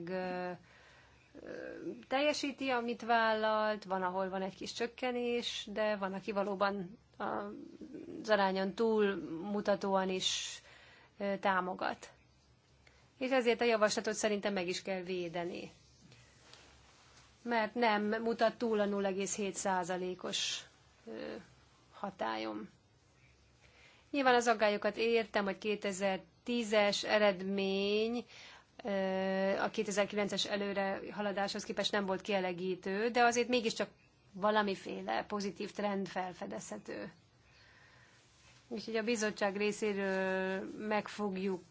teljesíti, amit vállalt, van, ahol van egy kis csökkenés, de van, aki valóban az arányon túl mutatóan is támogat. És ezért a javaslatot szerintem meg is kell védeni. Mert nem mutat túl a 0,7%-os hatályom. Nyilván az aggályokat értem, hogy 2010-es eredmény a 2009-es előre haladáshoz képest nem volt kielegítő, de azért mégiscsak valamiféle pozitív trend felfedezhető és így a bizottság részéről meg fogjuk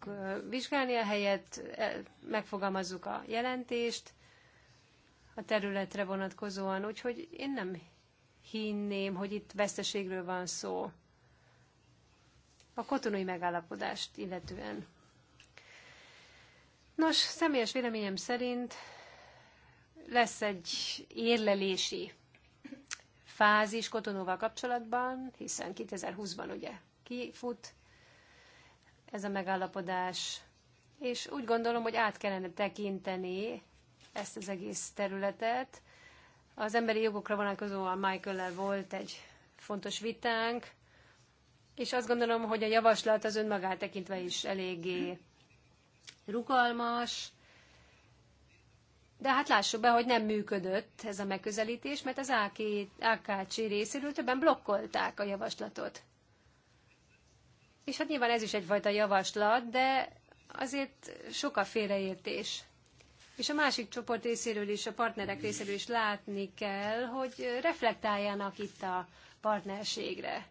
vizsgálni a helyet, megfogalmazzuk a jelentést a területre vonatkozóan, úgyhogy én nem hinném, hogy itt veszteségről van szó a kotonai megállapodást illetően. Nos, személyes véleményem szerint lesz egy érlelési fázis Kotonóval kapcsolatban, hiszen 2020-ban ugye kifut ez a megállapodás, és úgy gondolom, hogy át kellene tekinteni ezt az egész területet. Az emberi jogokra vonatkozóan michael el volt egy fontos vitánk, és azt gondolom, hogy a javaslat az önmagát tekintve is eléggé rugalmas, de hát lássuk be, hogy nem működött ez a megközelítés, mert az AKC részéről többen blokkolták a javaslatot. És hát nyilván ez is egyfajta javaslat, de azért sok a félreértés. És a másik csoport részéről is, a partnerek részéről is látni kell, hogy reflektáljanak itt a partnerségre.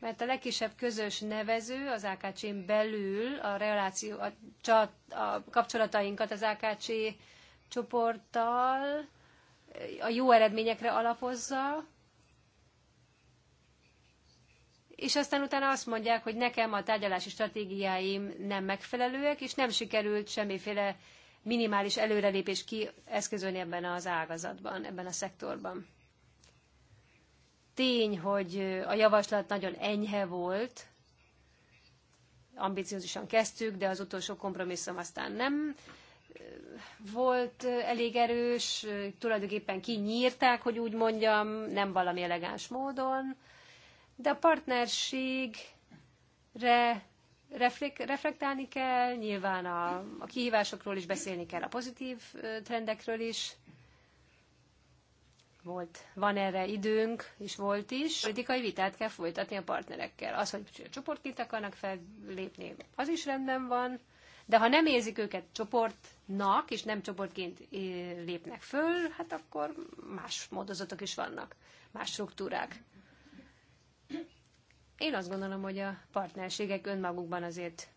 Mert a legkisebb közös nevező az AKC-n belül a, reláció, a, csat, a kapcsolatainkat az AKC csoporttal a jó eredményekre alapozza, és aztán utána azt mondják, hogy nekem a tárgyalási stratégiáim nem megfelelőek, és nem sikerült semmiféle minimális előrelépés kieszközölni ebben az ágazatban, ebben a szektorban. Tény, hogy a javaslat nagyon enyhe volt, ambiciózusan kezdtük, de az utolsó kompromisszum aztán nem volt elég erős, tulajdonképpen kinyírták, hogy úgy mondjam, nem valami elegáns módon de a partnerségre reflektálni kell, nyilván a, a kihívásokról is beszélni kell, a pozitív trendekről is. Volt, van erre időnk, és volt is. Politikai vitát kell folytatni a partnerekkel. Az, hogy csoportként akarnak fellépni, az is rendben van, de ha nem érzik őket csoportnak, és nem csoportként lépnek föl, hát akkor más módozatok is vannak, más struktúrák. Én azt gondolom, hogy a partnerségek önmagukban azért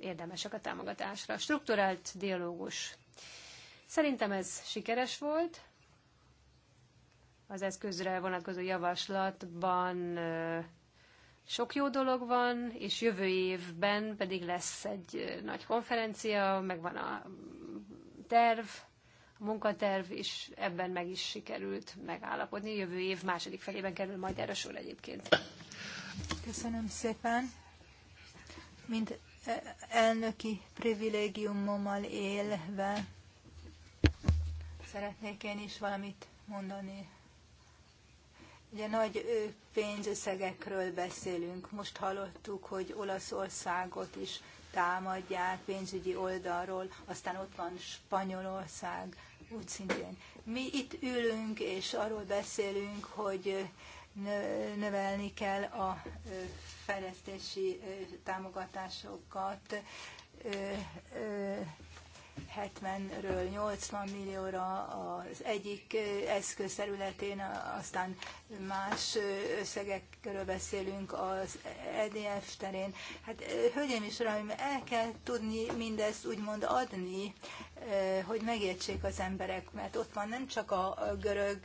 érdemesek a támogatásra. Strukturált dialógus. Szerintem ez sikeres volt. Az eszközre vonatkozó javaslatban sok jó dolog van, és jövő évben pedig lesz egy nagy konferencia, megvan a terv, a munkaterv, és ebben meg is sikerült megállapodni. Jövő év második felében kerül majd erre sor egyébként. Köszönöm szépen. Mint e, elnöki privilégiumommal élve szeretnék én is valamit mondani. Ugye nagy pénzösszegekről beszélünk. Most hallottuk, hogy Olaszországot is támadják pénzügyi oldalról, aztán ott van Spanyolország, úgy szintén. Mi itt ülünk, és arról beszélünk, hogy növelni kell a fejlesztési támogatásokat, 70-ről 80 millióra az egyik eszközterületén, aztán más összegekről beszélünk az EDF terén. Hát, hölgyeim és uraim, el kell tudni mindezt úgymond adni, hogy megértsék az emberek, mert ott van nem csak a görög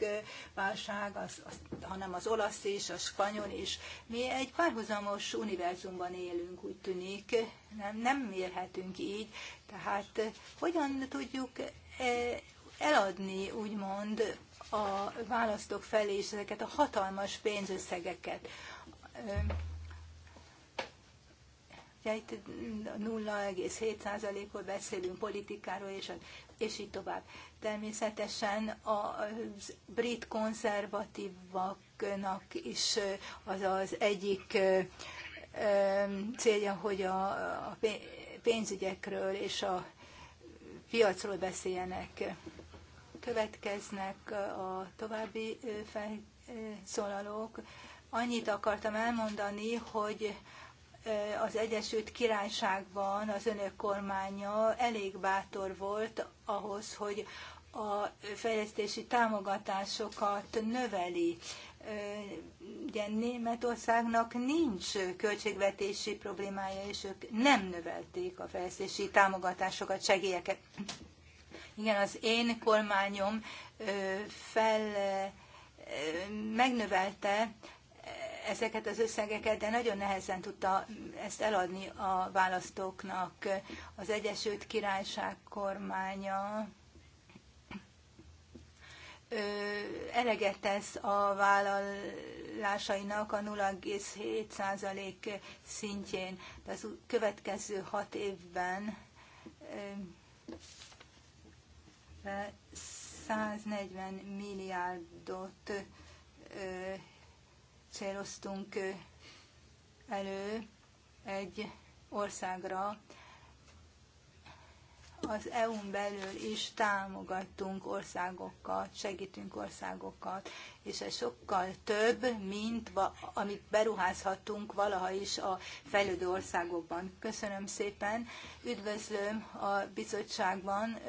válság, az, az, hanem az olasz is, a spanyol is. Mi egy párhuzamos univerzumban élünk, úgy tűnik, nem, nem mérhetünk így, tehát eh, hogyan tudjuk eh, eladni, úgymond, a választók felé is ezeket a hatalmas pénzösszegeket? Ja, eh, itt 0,7%-ról beszélünk politikáról, és, és így tovább. Természetesen a brit konzervatívaknak is az az egyik célja, hogy a, a pénzügyekről és a piacról beszéljenek. Következnek a további felszólalók. Annyit akartam elmondani, hogy az Egyesült Királyságban az önök kormánya elég bátor volt ahhoz, hogy a fejlesztési támogatásokat növeli. Ugye Németországnak nincs költségvetési problémája, és ők nem növelték a fejlesztési támogatásokat, segélyeket. Igen, az én kormányom fel megnövelte ezeket az összegeket, de nagyon nehezen tudta ezt eladni a választóknak. Az Egyesült Királyság kormánya eleget tesz a vállalásainak a 0,7% szintjén, de az következő hat évben 140 milliárdot céloztunk elő egy országra, az EU-n belül is támogatunk országokat, segítünk országokat, és ez sokkal több, mint va amit beruházhatunk valaha is a fejlődő országokban. Köszönöm szépen, üdvözlöm a bizottságban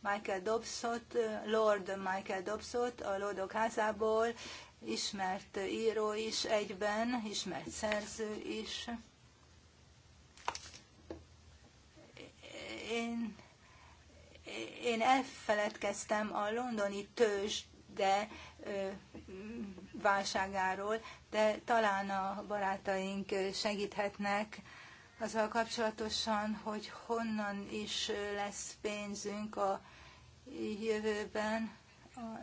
Michael Dobbsot, Lord Michael Dobbsot a Lordok házából, ismert író is egyben, ismert szerző is. Én én elfeledkeztem a londoni tőzs, de válságáról, de talán a barátaink segíthetnek azzal kapcsolatosan, hogy honnan is lesz pénzünk a jövőben.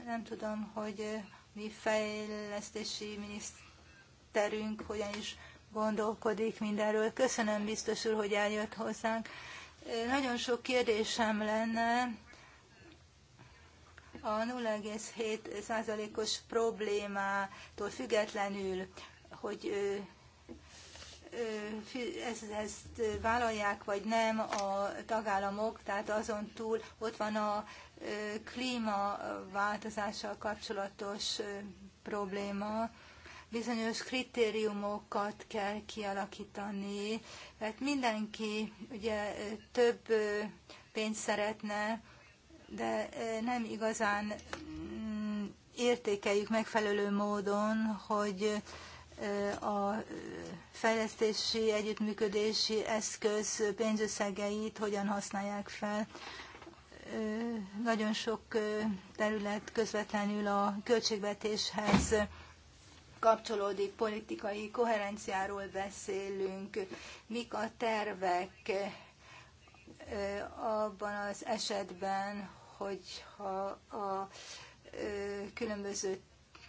Nem tudom, hogy mi fejlesztési miniszterünk hogyan is gondolkodik mindenről. Köszönöm biztos úr, hogy eljött hozzánk. Nagyon sok kérdésem lenne a 0,7%-os problémától függetlenül, hogy ezt, vállalják vagy nem a tagállamok, tehát azon túl ott van a klímaváltozással kapcsolatos probléma bizonyos kritériumokat kell kialakítani, mert hát mindenki ugye több pénzt szeretne, de nem igazán mm, értékeljük megfelelő módon, hogy a fejlesztési, együttműködési eszköz pénzösszegeit hogyan használják fel. Nagyon sok terület közvetlenül a költségvetéshez kapcsolódik politikai koherenciáról beszélünk, mik a tervek abban az esetben, hogyha a különböző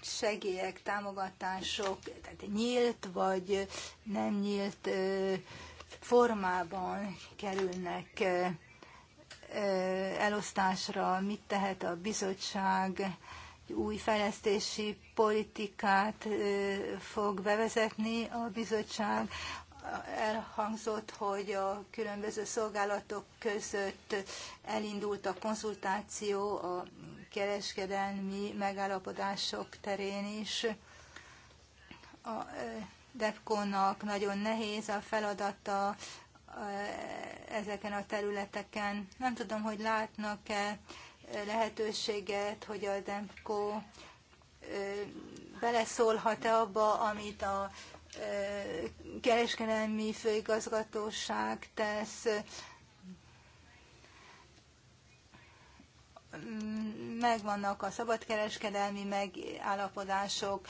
segélyek, támogatások, tehát nyílt vagy nem nyílt formában kerülnek elosztásra, mit tehet a bizottság új fejlesztési politikát fog bevezetni a bizottság. Elhangzott, hogy a különböző szolgálatok között elindult a konzultáció a kereskedelmi megállapodások terén is. A DEFCON-nak nagyon nehéz a feladata ezeken a területeken. Nem tudom, hogy látnak-e lehetőséget, hogy a DEMKO beleszólhat-e abba, amit a kereskedelmi főigazgatóság tesz, megvannak a szabadkereskedelmi megállapodások,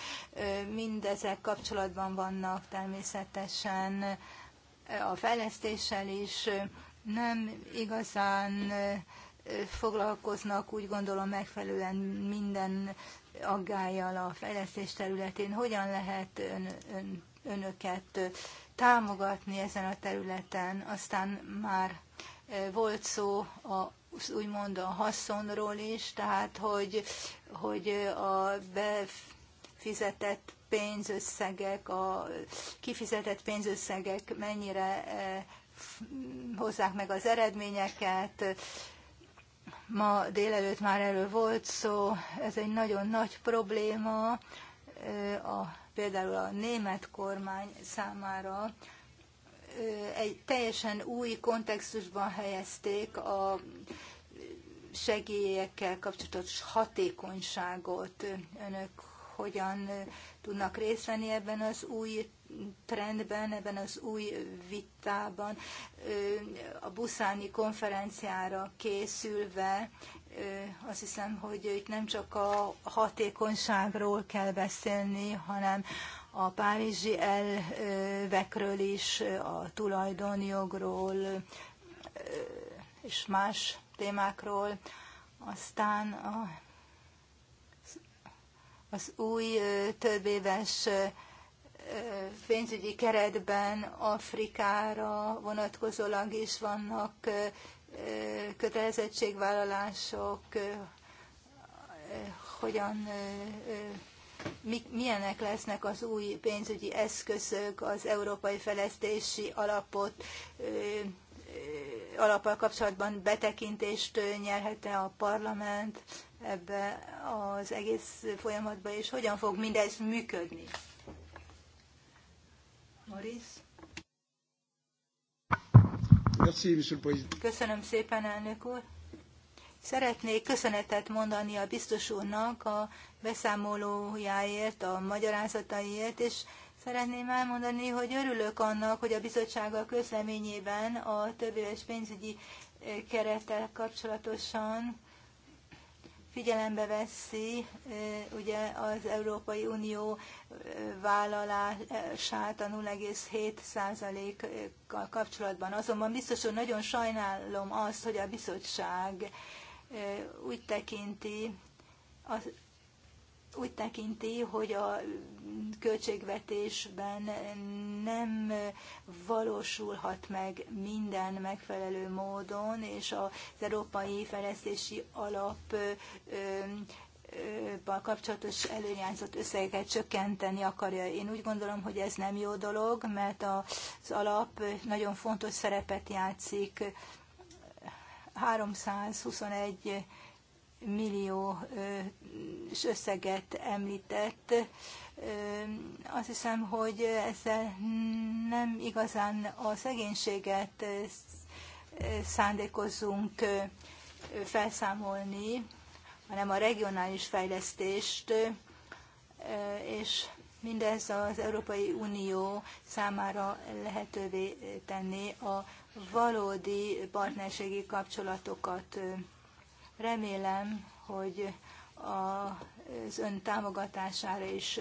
mindezek kapcsolatban vannak természetesen a fejlesztéssel is. Nem igazán foglalkoznak, úgy gondolom megfelelően minden aggájjal a fejlesztés területén. Hogyan lehet ön, ön, önöket támogatni ezen a területen? Aztán már e, volt szó a úgymond a haszonról is, tehát hogy, hogy a befizetett pénzösszegek, a kifizetett pénzösszegek mennyire e, hozzák meg az eredményeket, Ma délelőtt már erről volt szó, ez egy nagyon nagy probléma, a, például a német kormány számára egy teljesen új kontextusban helyezték a segélyekkel kapcsolatos hatékonyságot. Önök hogyan tudnak részt venni ebben az új trendben, ebben az új vitában, a buszáni konferenciára készülve, azt hiszem, hogy itt nem csak a hatékonyságról kell beszélni, hanem a párizsi elvekről is, a tulajdonjogról és más témákról. Aztán a az új többéves pénzügyi keretben Afrikára vonatkozólag is vannak kötelezettségvállalások, hogyan, milyenek lesznek az új pénzügyi eszközök, az Európai Fejlesztési Alapot, alapal kapcsolatban betekintést nyerhet-e a parlament, ebbe az egész folyamatba, és hogyan fog mindez működni. Maurice? Köszönöm szépen, elnök úr. Szeretnék köszönetet mondani a biztos úrnak a beszámolójáért, a magyarázataiért, és szeretném elmondani, hogy örülök annak, hogy a bizottság a közleményében a többéves pénzügyi kerettel kapcsolatosan figyelembe veszi ugye az Európai Unió vállalását a 0,7%-kal kapcsolatban. Azonban biztos, hogy nagyon sajnálom azt, hogy a bizottság úgy tekinti, úgy tekinti, hogy a költségvetésben nem valósulhat meg minden megfelelő módon, és az Európai Fejlesztési Alap kapcsolatos előnyányzott összegeket csökkenteni akarja. Én úgy gondolom, hogy ez nem jó dolog, mert az alap nagyon fontos szerepet játszik. 321 millió összeget említett. Azt hiszem, hogy ezzel nem igazán a szegénységet szándékozzunk felszámolni, hanem a regionális fejlesztést, és mindez az Európai Unió számára lehetővé tenni a valódi partnerségi kapcsolatokat Remélem, hogy az ön támogatására is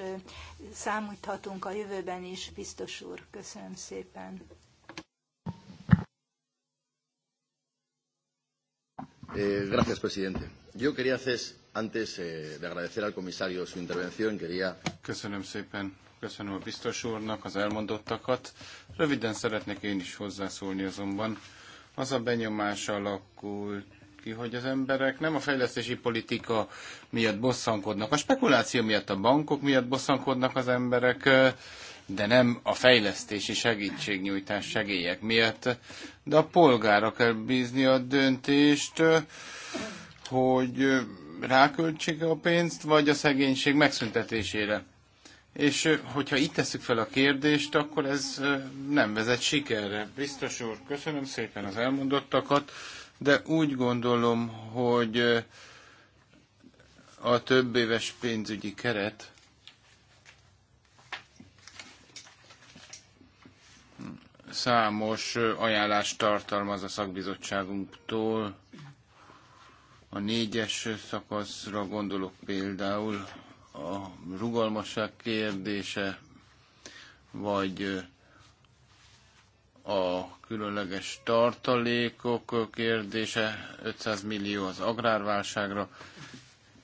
számíthatunk a jövőben is, biztos úr. Köszönöm szépen. Eh, gracias, presidente. Yo quería hacer, antes eh, de agradecer al comisario su intervención, quería... Köszönöm szépen. Köszönöm a biztos úrnak az elmondottakat. Röviden szeretnék én is hozzászólni azonban. Az a benyomás alakult ki, hogy az emberek nem a fejlesztési politika miatt bosszankodnak, a spekuláció miatt, a bankok miatt bosszankodnak az emberek, de nem a fejlesztési segítségnyújtás segélyek miatt. De a polgára kell bízni a döntést, hogy ráköltsék a pénzt, vagy a szegénység megszüntetésére. És hogyha itt tesszük fel a kérdést, akkor ez nem vezet sikerre. Biztos úr, köszönöm szépen az elmondottakat de úgy gondolom, hogy eh, a több éves pénzügyi keret számos eh, ajánlást tartalmaz a szakbizottságunktól. A négyes szakaszra gondolok például a rugalmasság kérdése, vagy eh, a különleges tartalékok kérdése, 500 millió az agrárválságra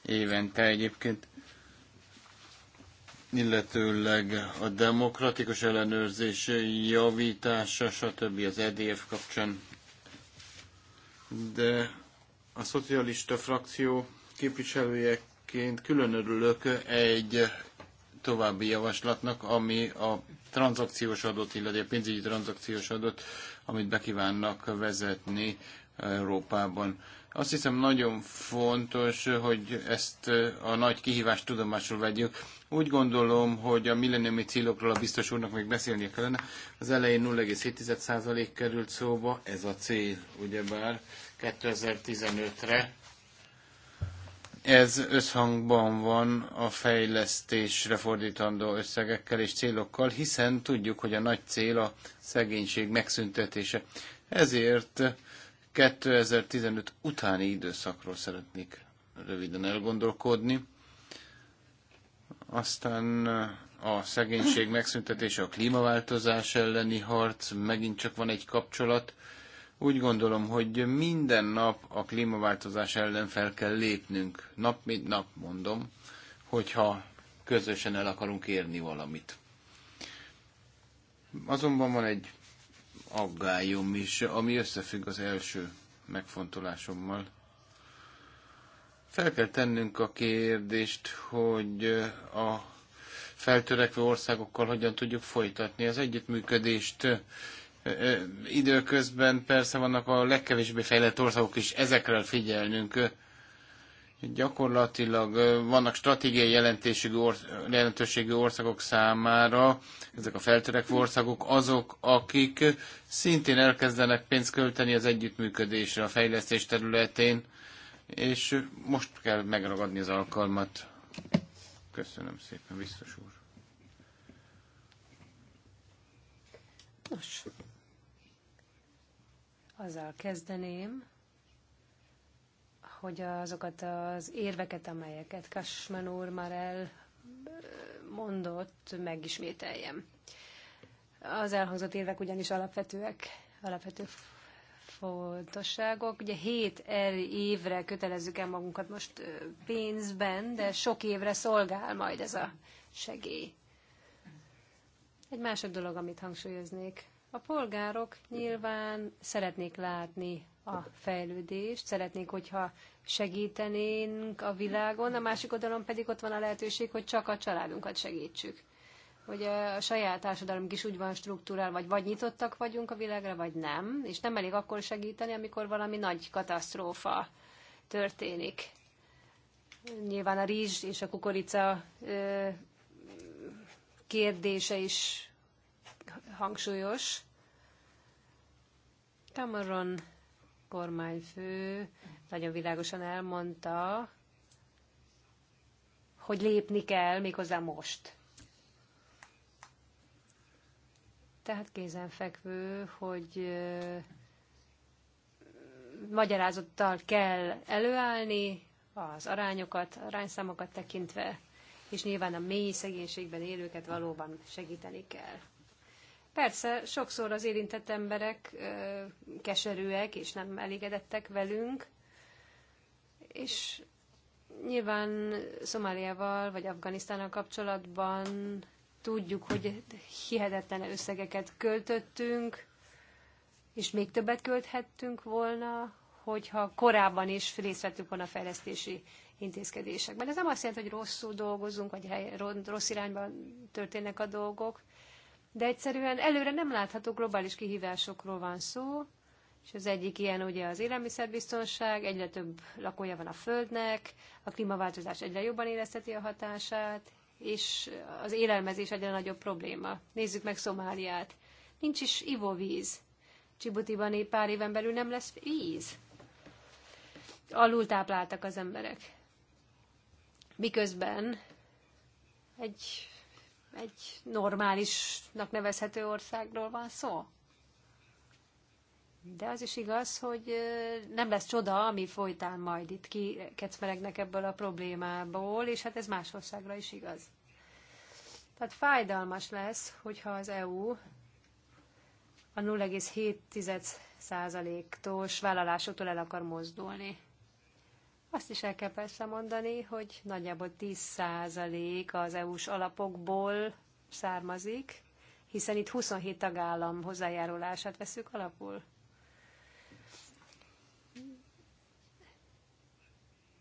évente egyébként, illetőleg a demokratikus ellenőrzés javítása, stb. az EDF kapcsán. De a szocialista frakció képviselőjeként külön örülök egy további javaslatnak, ami a tranzakciós adót, illetve a pénzügyi tranzakciós adót, amit bekívánnak vezetni Európában. Azt hiszem nagyon fontos, hogy ezt a nagy kihívást tudomásul vegyük. Úgy gondolom, hogy a milleniumi célokról a biztos úrnak még beszélnie kellene. Az elején 0,7% került szóba, ez a cél, ugyebár 2015-re ez összhangban van a fejlesztésre fordítandó összegekkel és célokkal, hiszen tudjuk, hogy a nagy cél a szegénység megszüntetése. Ezért 2015 utáni időszakról szeretnék röviden elgondolkodni. Aztán a szegénység megszüntetése, a klímaváltozás elleni harc, megint csak van egy kapcsolat. Úgy gondolom, hogy minden nap a klímaváltozás ellen fel kell lépnünk. Nap mint nap mondom, hogyha közösen el akarunk érni valamit. Azonban van egy aggályom is, ami összefügg az első megfontolásommal. Fel kell tennünk a kérdést, hogy a feltörekvő országokkal hogyan tudjuk folytatni az együttműködést, Időközben persze vannak a legkevésbé fejlett országok is, ezekre figyelnünk. Gyakorlatilag vannak stratégiai jelentőségű, jelentőségű országok számára, ezek a feltörekvő országok, azok, akik szintén elkezdenek pénzt költeni az együttműködésre a fejlesztés területén, és most kell megragadni az alkalmat. Köszönöm szépen, biztos úr. Nos, azzal kezdeném, hogy azokat az érveket, amelyeket Kasman úr már elmondott, megismételjem. Az elhangzott érvek ugyanis alapvetőek, alapvető fontosságok. Ugye hét er évre kötelezzük el magunkat most pénzben, de sok évre szolgál majd ez a segély. Egy másik dolog, amit hangsúlyoznék. A polgárok nyilván szeretnék látni a fejlődést, szeretnék, hogyha segítenénk a világon, a másik oldalon pedig ott van a lehetőség, hogy csak a családunkat segítsük. Hogy a saját társadalom is úgy van struktúrál, vagy vagy nyitottak vagyunk a világra, vagy nem, és nem elég akkor segíteni, amikor valami nagy katasztrófa történik. Nyilván a rizs és a kukorica kérdése is hangsúlyos. Cameron kormányfő nagyon világosan elmondta, hogy lépni kell méghozzá most. Tehát kézenfekvő, hogy magyarázattal kell előállni az arányokat, arányszámokat tekintve, és nyilván a mély szegénységben élőket valóban segíteni kell. Persze, sokszor az érintett emberek keserűek és nem elégedettek velünk, és nyilván Szomáliával vagy Afganisztánnal kapcsolatban tudjuk, hogy hihetetlen összegeket költöttünk, és még többet költhettünk volna, hogyha korábban is részt vettük volna a fejlesztési intézkedésekben. Ez nem azt jelenti, hogy rosszul dolgozunk, vagy rossz irányban történnek a dolgok, de egyszerűen előre nem látható globális kihívásokról van szó, és az egyik ilyen ugye az élelmiszerbiztonság, egyre több lakója van a Földnek, a klímaváltozás egyre jobban érezteti a hatását, és az élelmezés egyre nagyobb probléma. Nézzük meg Szomáliát. Nincs is ivóvíz. Csibutiban épp pár éven belül nem lesz víz. Alul tápláltak az emberek. Miközben egy egy normálisnak nevezhető országról van szó. De az is igaz, hogy nem lesz csoda, ami folytán majd itt kecmeregnek ebből a problémából, és hát ez más országra is igaz. Tehát fájdalmas lesz, hogyha az EU a 0,7%-os vállalásoktól el akar mozdulni. Azt is el kell persze mondani, hogy nagyjából 10% az EU-s alapokból származik, hiszen itt 27 tagállam hozzájárulását veszük alapul.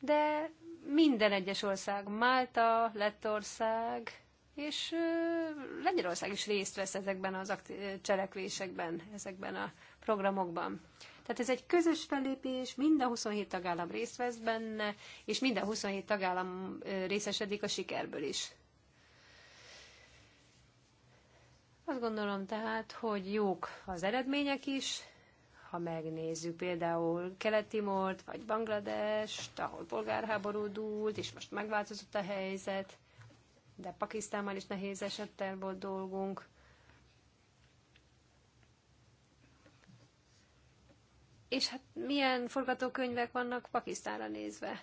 De minden egyes ország, Málta, Lettország, és Lengyelország is részt vesz ezekben az cselekvésekben, ezekben a programokban. Tehát ez egy közös fellépés, minden 27 tagállam részt vesz benne, és minden 27 tagállam részesedik a sikerből is. Azt gondolom tehát, hogy jók az eredmények is, ha megnézzük például Kelet-Timort vagy Bangladest, ahol polgárháború dúlt, és most megváltozott a helyzet, de Pakisztánban is nehéz esettel volt dolgunk. és hát milyen forgatókönyvek vannak Pakisztánra nézve?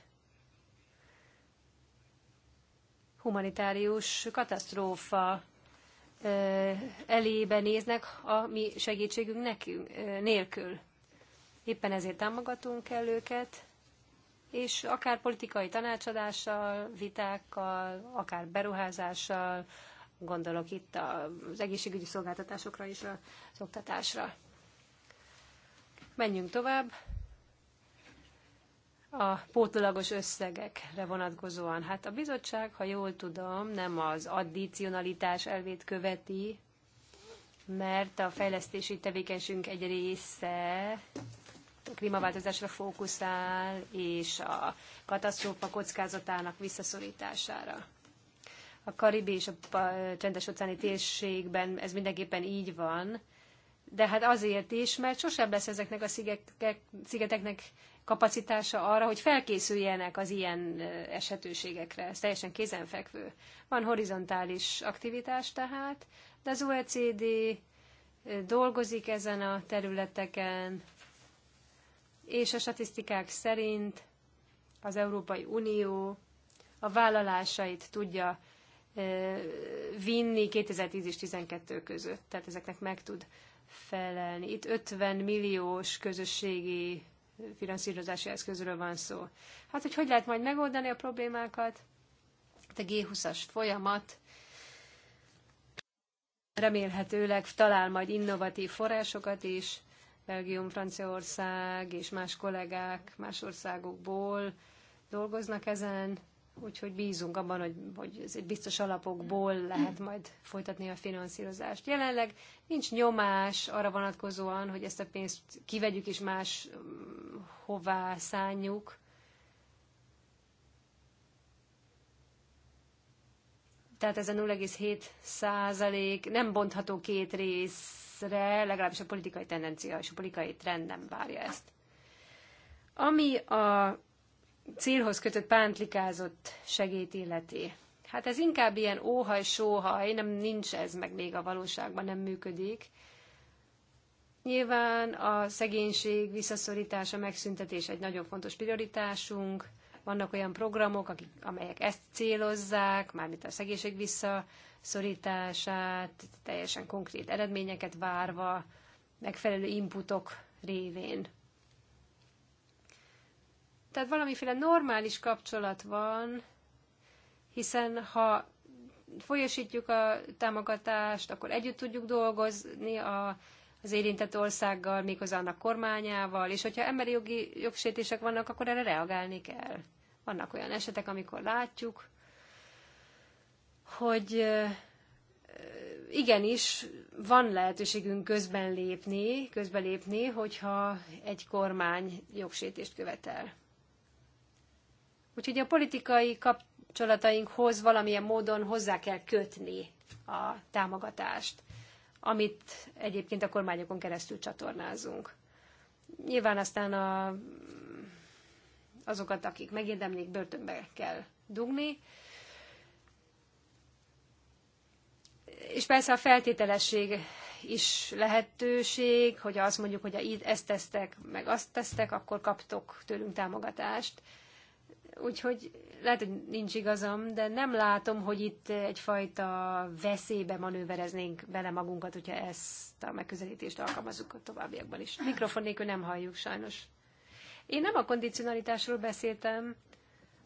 Humanitárius katasztrófa elébe néznek a mi segítségünk nekünk, nélkül. Éppen ezért támogatunk kell őket, és akár politikai tanácsadással, vitákkal, akár beruházással, gondolok itt az egészségügyi szolgáltatásokra és az oktatásra. Menjünk tovább. A pótolagos összegekre vonatkozóan. Hát a bizottság, ha jól tudom, nem az addicionalitás elvét követi, mert a fejlesztési tevékenységünk egy része a klímaváltozásra fókuszál, és a katasztrófa kockázatának visszaszorítására. A Karibi és a csendes óceáni térségben ez mindenképpen így van, de hát azért is, mert sosem lesz ezeknek a szigetek, szigeteknek kapacitása arra, hogy felkészüljenek az ilyen esetőségekre. Ez teljesen kézenfekvő. Van horizontális aktivitás tehát, de az OECD dolgozik ezen a területeken, és a statisztikák szerint az Európai Unió a vállalásait tudja vinni 2010 és 2012 között, tehát ezeknek meg tud felelni. Itt 50 milliós közösségi finanszírozási eszközről van szó. Hát, hogy hogy lehet majd megoldani a problémákat? Hát a G20-as folyamat remélhetőleg talál majd innovatív forrásokat is, Belgium, Franciaország és más kollégák más országokból dolgoznak ezen, úgyhogy bízunk abban, hogy, hogy biztos alapokból lehet majd folytatni a finanszírozást. Jelenleg nincs nyomás arra vonatkozóan, hogy ezt a pénzt kivegyük és más hová szánjuk. Tehát ez a 0,7 százalék nem bontható két részre, legalábbis a politikai tendencia és a politikai trend nem várja ezt. Ami a célhoz kötött pántlikázott segét illeti. Hát ez inkább ilyen óhaj-sóhaj, nem nincs ez meg még a valóságban, nem működik. Nyilván a szegénység visszaszorítása, megszüntetés egy nagyon fontos prioritásunk. Vannak olyan programok, akik, amelyek ezt célozzák, mármint a szegénység visszaszorítását, teljesen konkrét eredményeket várva, megfelelő inputok révén. Tehát valamiféle normális kapcsolat van, hiszen ha folyosítjuk a támogatást, akkor együtt tudjuk dolgozni a, az érintett országgal, méghozzá annak kormányával, és hogyha emberi jogi jogsértések vannak, akkor erre reagálni kell. Vannak olyan esetek, amikor látjuk, hogy igenis van lehetőségünk közben lépni, közben lépni, hogyha egy kormány jogsértést követel. Úgyhogy a politikai kapcsolatainkhoz valamilyen módon hozzá kell kötni a támogatást, amit egyébként a kormányokon keresztül csatornázunk. Nyilván aztán a, azokat, akik megérdemlik, börtönbe kell dugni. És persze a feltételesség is lehetőség, hogy azt mondjuk, hogy ezt tesztek, meg azt tesztek, akkor kaptok tőlünk támogatást. Úgyhogy lehet, hogy nincs igazam, de nem látom, hogy itt egyfajta veszélybe manővereznénk bele magunkat, hogyha ezt a megközelítést alkalmazzuk a továbbiakban is. Mikrofon nélkül nem halljuk sajnos. Én nem a kondicionalitásról beszéltem,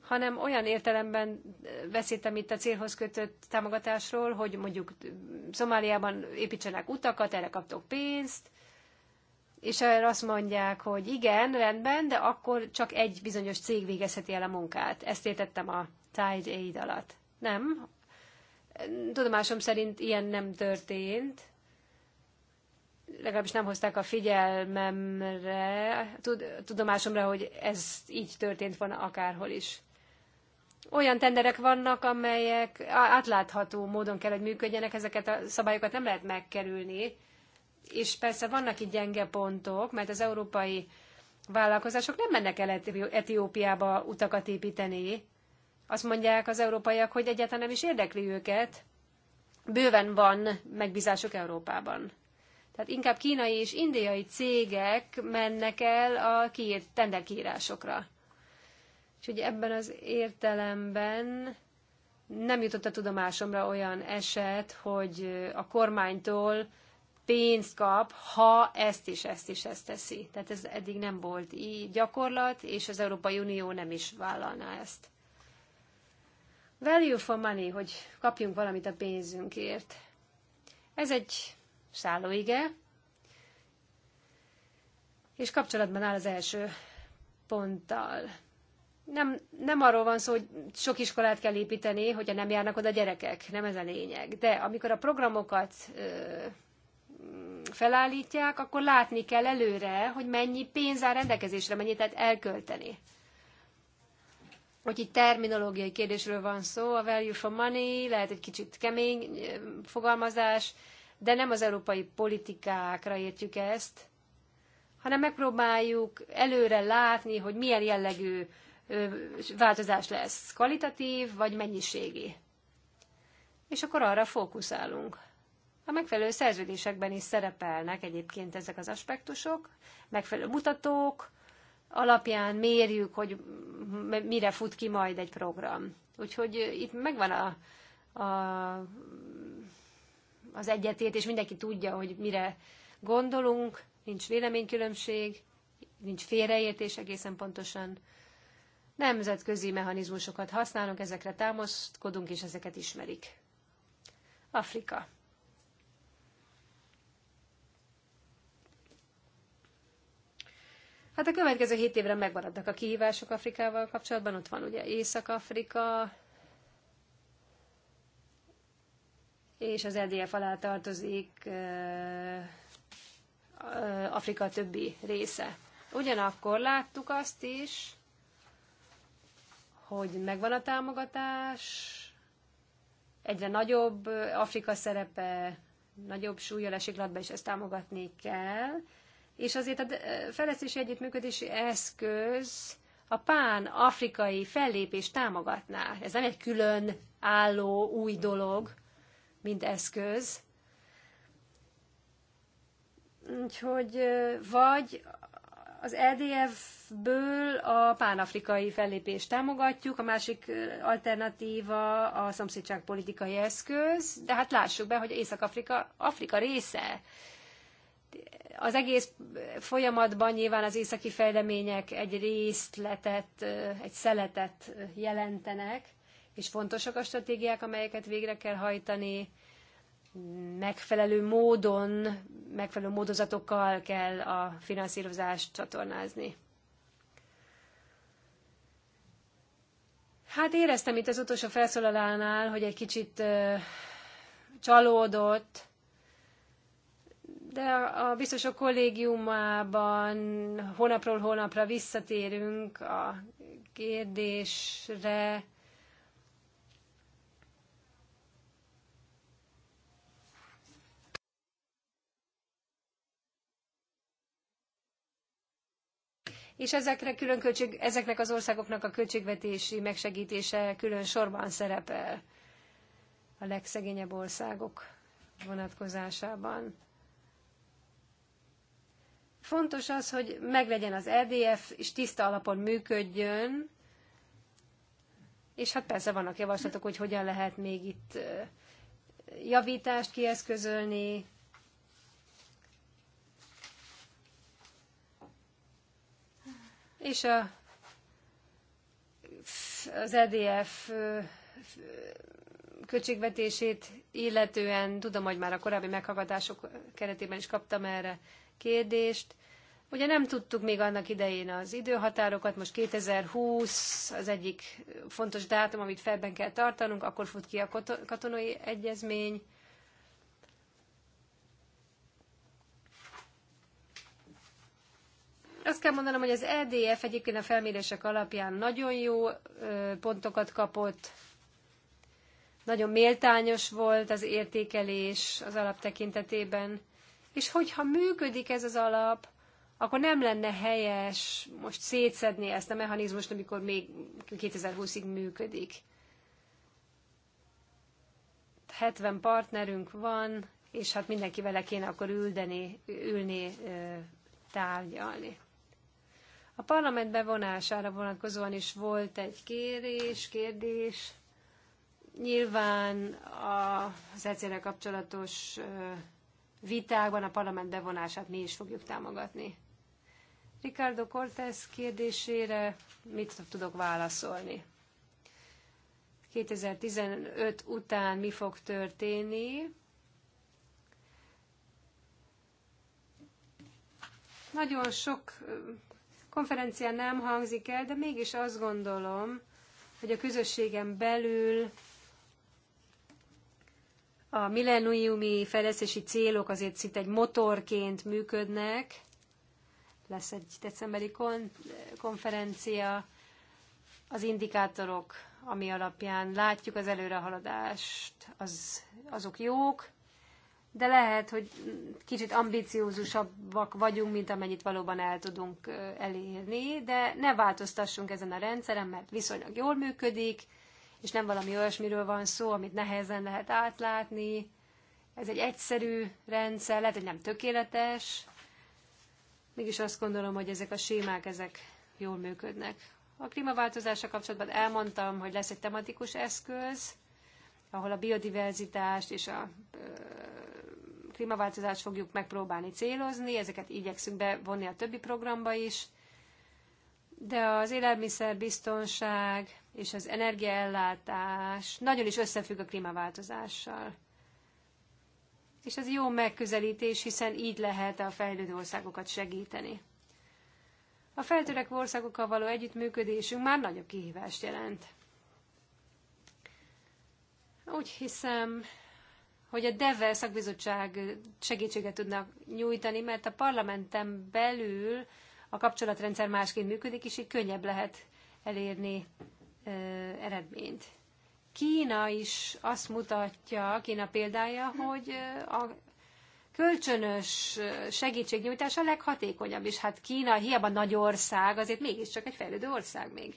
hanem olyan értelemben beszéltem itt a célhoz kötött támogatásról, hogy mondjuk Szomáliában építsenek utakat, erre kaptok pénzt, és erre azt mondják, hogy igen, rendben, de akkor csak egy bizonyos cég végezheti el a munkát. Ezt értettem a Tide Aid alatt. Nem. Tudomásom szerint ilyen nem történt. Legalábbis nem hozták a figyelmemre, tudomásomra, hogy ez így történt volna akárhol is. Olyan tenderek vannak, amelyek átlátható módon kell, hogy működjenek, ezeket a szabályokat nem lehet megkerülni és persze vannak itt gyenge pontok, mert az európai vállalkozások nem mennek el Etiópiába utakat építeni. Azt mondják az európaiak, hogy egyáltalán nem is érdekli őket. Bőven van megbízások Európában. Tehát inkább kínai és indiai cégek mennek el a kiírt és Úgyhogy ebben az értelemben nem jutott a tudomásomra olyan eset, hogy a kormánytól pénzt kap, ha ezt is, ezt is, ezt teszi. Tehát ez eddig nem volt így gyakorlat, és az Európai Unió nem is vállalná ezt. Value for money, hogy kapjunk valamit a pénzünkért. Ez egy szállóige, és kapcsolatban áll az első ponttal. Nem, nem arról van szó, hogy sok iskolát kell építeni, hogyha nem járnak oda gyerekek, nem ez a lényeg. De amikor a programokat felállítják, akkor látni kell előre, hogy mennyi pénz áll rendelkezésre, mennyit lehet elkölteni. Hogy itt terminológiai kérdésről van szó, a value for money, lehet egy kicsit kemény fogalmazás, de nem az európai politikákra értjük ezt, hanem megpróbáljuk előre látni, hogy milyen jellegű változás lesz, kvalitatív vagy mennyiségi. És akkor arra fókuszálunk. A megfelelő szerződésekben is szerepelnek egyébként ezek az aspektusok, megfelelő mutatók alapján mérjük, hogy mire fut ki majd egy program. Úgyhogy itt megvan a, a, az egyetét, és mindenki tudja, hogy mire gondolunk, nincs véleménykülönbség, nincs félreértés egészen pontosan. Nemzetközi mechanizmusokat használunk, ezekre támaszkodunk, és ezeket ismerik. Afrika. Hát a következő hét évre megmaradnak a kihívások Afrikával kapcsolatban. Ott van ugye Észak-Afrika, és az EDF alá tartozik Afrika többi része. Ugyanakkor láttuk azt is, hogy megvan a támogatás, egyre nagyobb Afrika szerepe, nagyobb súlya esik és ezt támogatni kell és azért a fejlesztési együttműködési eszköz a pán-afrikai fellépés támogatná. Ez nem egy külön álló új dolog, mint eszköz. Úgyhogy vagy az EDF-ből a pánafrikai fellépést támogatjuk, a másik alternatíva a szomszédság politikai eszköz, de hát lássuk be, hogy Észak-Afrika Afrika része. Az egész folyamatban nyilván az északi fejlemények egy részletet, egy szeletet jelentenek, és fontosak a stratégiák, amelyeket végre kell hajtani, megfelelő módon, megfelelő módozatokkal kell a finanszírozást csatornázni. Hát éreztem itt az utolsó felszólalánál, hogy egy kicsit csalódott, de a biztosok kollégiumában hónapról hónapra visszatérünk a kérdésre. És ezekre külön költség, ezeknek az országoknak a költségvetési megsegítése külön sorban szerepel a legszegényebb országok vonatkozásában. Fontos az, hogy meglegyen az EDF, és tiszta alapon működjön, és hát persze vannak javaslatok, hogy hogyan lehet még itt javítást kieszközölni, és a, az EDF költségvetését illetően tudom, hogy már a korábbi meghallgatások keretében is kaptam erre kérdést. Ugye nem tudtuk még annak idején az időhatárokat, most 2020 az egyik fontos dátum, amit felben kell tartanunk, akkor fut ki a katonai egyezmény. Azt kell mondanom, hogy az EDF egyébként a felmérések alapján nagyon jó pontokat kapott, nagyon méltányos volt az értékelés az alaptekintetében. És hogyha működik ez az alap, akkor nem lenne helyes most szétszedni ezt a mechanizmust, amikor még 2020-ig működik. 70 partnerünk van, és hát mindenki vele kéne akkor üldeni, ülni, tárgyalni. A parlament bevonására vonatkozóan is volt egy kérés, kérdés. Nyilván az egyszerre kapcsolatos vitákban a parlament bevonását mi is fogjuk támogatni. Ricardo Cortés kérdésére mit tudok válaszolni? 2015 után mi fog történni? Nagyon sok konferencián nem hangzik el, de mégis azt gondolom, hogy a közösségen belül a millenniumi fejlesztési célok azért szinte egy motorként működnek. Lesz egy decemberi kon- konferencia. Az indikátorok, ami alapján látjuk az előrehaladást, az, azok jók, de lehet, hogy kicsit ambiciózusabbak vagyunk, mint amennyit valóban el tudunk elérni, de ne változtassunk ezen a rendszeren, mert viszonylag jól működik, és nem valami olyasmiről van szó, amit nehezen lehet átlátni. Ez egy egyszerű rendszer, lehet, hogy nem tökéletes, mégis azt gondolom, hogy ezek a sémák, ezek jól működnek. A klímaváltozásra kapcsolatban elmondtam, hogy lesz egy tematikus eszköz, ahol a biodiverzitást és a ö, klímaváltozást fogjuk megpróbálni célozni, ezeket igyekszünk bevonni a többi programba is, de az élelmiszerbiztonság, és az energiaellátás nagyon is összefügg a klímaváltozással. És ez jó megközelítés, hiszen így lehet a fejlődő országokat segíteni. A feltörekvő országokkal való együttműködésünk már nagyobb kihívást jelent. Úgy hiszem, hogy a DEVE szakbizottság segítséget tudnak nyújtani, mert a parlamenten belül a kapcsolatrendszer másként működik, és így könnyebb lehet elérni eredményt. Kína is azt mutatja, Kína példája, hogy a kölcsönös segítségnyújtás a leghatékonyabb, és hát Kína hiába nagy ország, azért mégiscsak egy fejlődő ország még.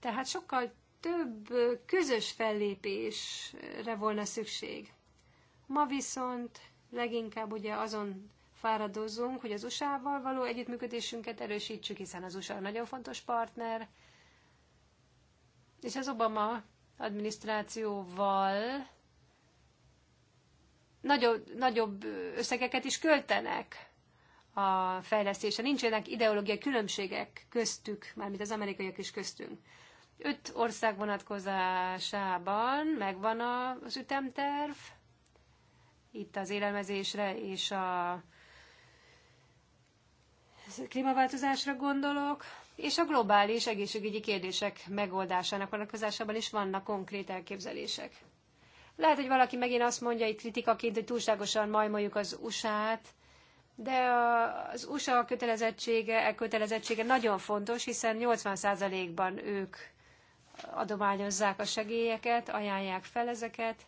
Tehát sokkal több közös fellépésre volna szükség. Ma viszont leginkább ugye azon fáradozunk, hogy az USA-val való együttműködésünket erősítsük, hiszen az USA nagyon fontos partner, és az Obama adminisztrációval nagyobb, nagyobb összegeket is költenek a fejlesztésre. Nincsenek ideológiai különbségek köztük, mármint az amerikaiak is köztünk. Öt ország vonatkozásában megvan az ütemterv, itt az élelmezésre és a klímaváltozásra gondolok, és a globális egészségügyi kérdések megoldásának vonatkozásában is vannak konkrét elképzelések. Lehet, hogy valaki megint azt mondja itt kritikaként, hogy túlságosan majmoljuk az USA-t, de az USA kötelezettsége, elkötelezettsége nagyon fontos, hiszen 80%-ban ők adományozzák a segélyeket, ajánlják fel ezeket,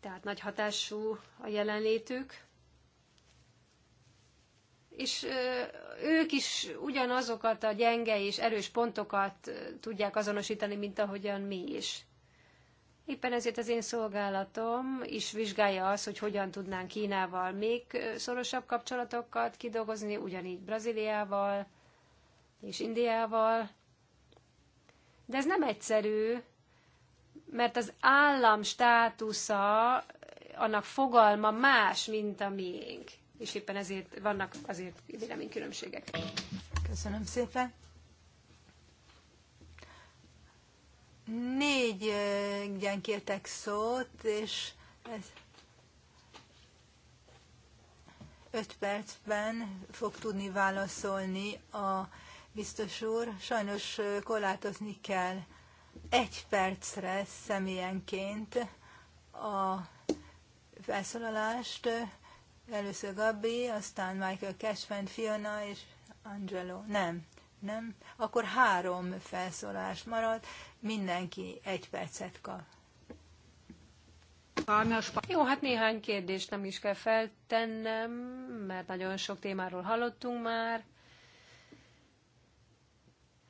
tehát nagy hatású a jelenlétük és ők is ugyanazokat a gyenge és erős pontokat tudják azonosítani, mint ahogyan mi is. Éppen ezért az én szolgálatom is vizsgálja azt, hogy hogyan tudnánk Kínával még szorosabb kapcsolatokat kidolgozni, ugyanígy Brazíliával és Indiával. De ez nem egyszerű, mert az állam státusza, annak fogalma más, mint a miénk és éppen ezért vannak azért véleménykülönbségek. Köszönöm szépen. Négyen kértek szót, és ez öt percben fog tudni válaszolni a biztos úr. Sajnos korlátozni kell egy percre személyenként a felszólalást Először Gabi, aztán Michael Cashman, Fiona és Angelo. Nem, nem. Akkor három felszólás marad, mindenki egy percet kap. Jó, hát néhány kérdést nem is kell feltennem, mert nagyon sok témáról hallottunk már.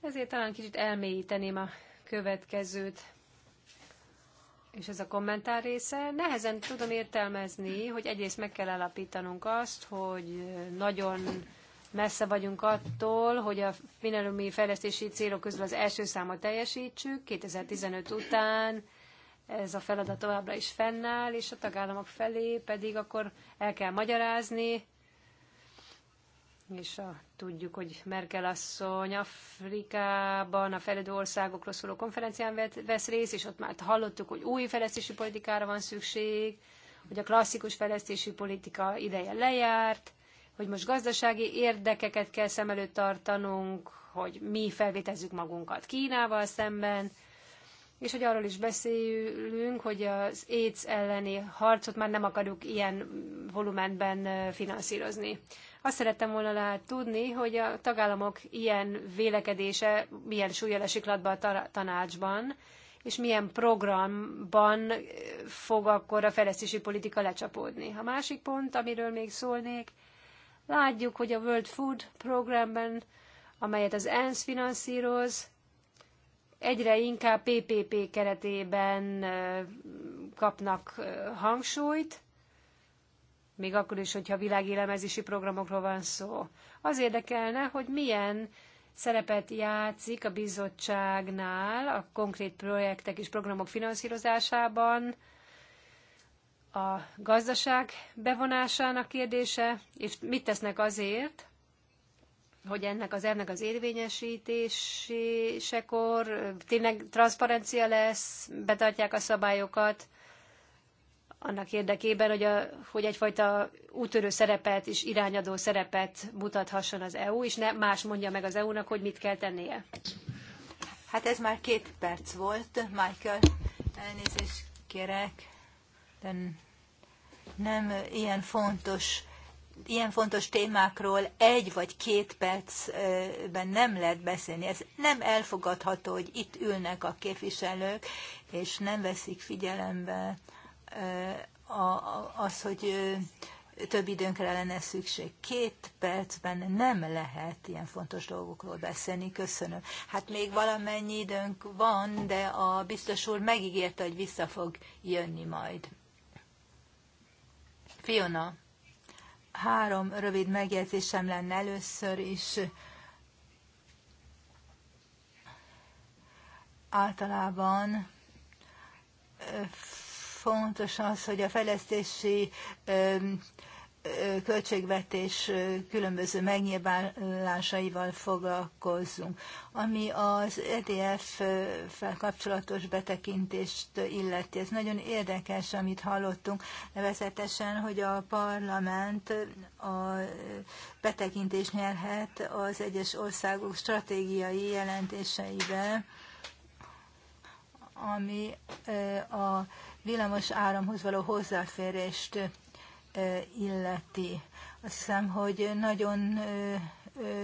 Ezért talán kicsit elmélyíteném a következőt és ez a kommentár része, nehezen tudom értelmezni, hogy egyrészt meg kell állapítanunk azt, hogy nagyon messze vagyunk attól, hogy a finálumi fejlesztési célok közül az első számot teljesítsük, 2015 után ez a feladat továbbra is fennáll, és a tagállamok felé pedig akkor el kell magyarázni, és a, tudjuk, hogy Merkel asszony Afrikában a fejlődő országokról szóló konferencián vesz részt, és ott már hallottuk, hogy új fejlesztési politikára van szükség, hogy a klasszikus fejlesztési politika ideje lejárt, hogy most gazdasági érdekeket kell szem előtt tartanunk, hogy mi felvétezzük magunkat Kínával szemben, és hogy arról is beszélünk, hogy az AIDS elleni harcot már nem akarjuk ilyen volumenben finanszírozni. Azt szerettem volna lehet tudni, hogy a tagállamok ilyen vélekedése milyen súlyjal esik a tanácsban, és milyen programban fog akkor a fejlesztési politika lecsapódni. A másik pont, amiről még szólnék, látjuk, hogy a World Food Programben, amelyet az ENSZ finanszíroz, egyre inkább PPP keretében kapnak hangsúlyt, még akkor is, hogyha világélemezési programokról van szó. Az érdekelne, hogy milyen szerepet játszik a bizottságnál a konkrét projektek és programok finanszírozásában, a gazdaság bevonásának kérdése, és mit tesznek azért, hogy ennek az ennek az érvényesítésekor tényleg transzparencia lesz, betartják a szabályokat, annak érdekében, hogy, a, hogy egyfajta útörő szerepet és irányadó szerepet mutathasson az EU, és ne más mondja meg az EU-nak, hogy mit kell tennie. Hát ez már két perc volt, Michael, elnézést kérek, de nem ilyen fontos ilyen fontos témákról egy vagy két percben nem lehet beszélni. Ez nem elfogadható, hogy itt ülnek a képviselők, és nem veszik figyelembe az, hogy több időnkre lenne szükség. Két percben nem lehet ilyen fontos dolgokról beszélni, köszönöm. Hát még valamennyi időnk van, de a biztos úr megígérte, hogy vissza fog jönni majd. Fiona, három rövid megjegyzésem lenne először is. Általában fontos az, hogy a fejlesztési költségvetés különböző megnyilvánulásaival foglalkozzunk. Ami az EDF-fel kapcsolatos betekintést illeti, ez nagyon érdekes, amit hallottunk, nevezetesen, hogy a parlament a betekintést nyerhet az egyes országok stratégiai jelentéseibe, ami a villamos áramhoz való hozzáférést illeti. Azt hiszem, hogy nagyon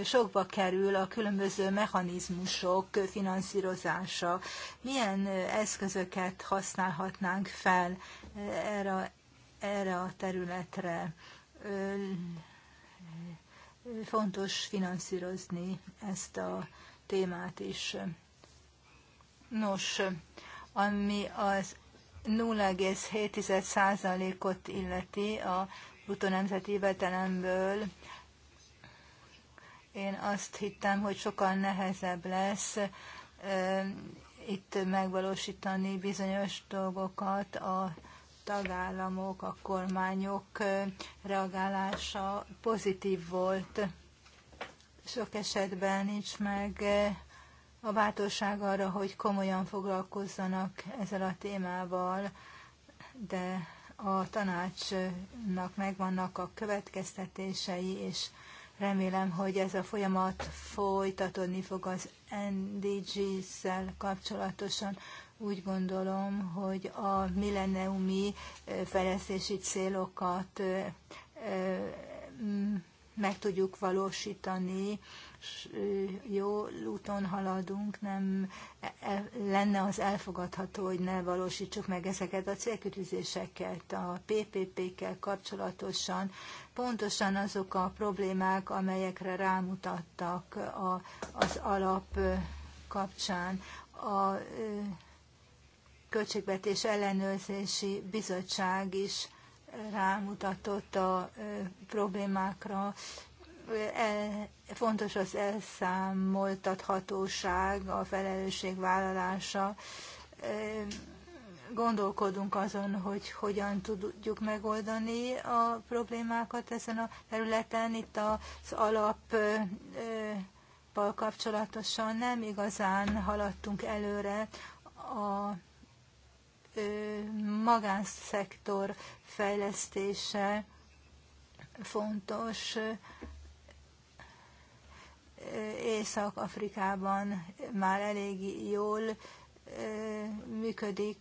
sokba kerül a különböző mechanizmusok finanszírozása. Milyen eszközöket használhatnánk fel erre, erre a területre? Fontos finanszírozni ezt a témát is. Nos, ami az 0,7%-ot illeti a bruttó nemzeti vetelemből. Én azt hittem, hogy sokkal nehezebb lesz itt megvalósítani bizonyos dolgokat a tagállamok, a kormányok reagálása pozitív volt. Sok esetben nincs meg a bátorság arra, hogy komolyan foglalkozzanak ezzel a témával, de a tanácsnak megvannak a következtetései, és remélem, hogy ez a folyamat folytatódni fog az NDG-szel kapcsolatosan. Úgy gondolom, hogy a milleniumi fejlesztési célokat meg tudjuk valósítani jó úton haladunk, nem e, e, lenne az elfogadható, hogy ne valósítsuk meg ezeket a célkütőzéseket a PPP-kkel kapcsolatosan. Pontosan azok a problémák, amelyekre rámutattak a, az alap kapcsán. A Költségvetés Ellenőrzési Bizottság is rámutatott a problémákra, E, fontos az elszámoltathatóság, a felelősség vállalása. E, gondolkodunk azon, hogy hogyan tudjuk megoldani a problémákat ezen a területen. Itt az alap e, kapcsolatosan nem igazán haladtunk előre a magánszektor fejlesztése fontos Észak-Afrikában már elég jól működik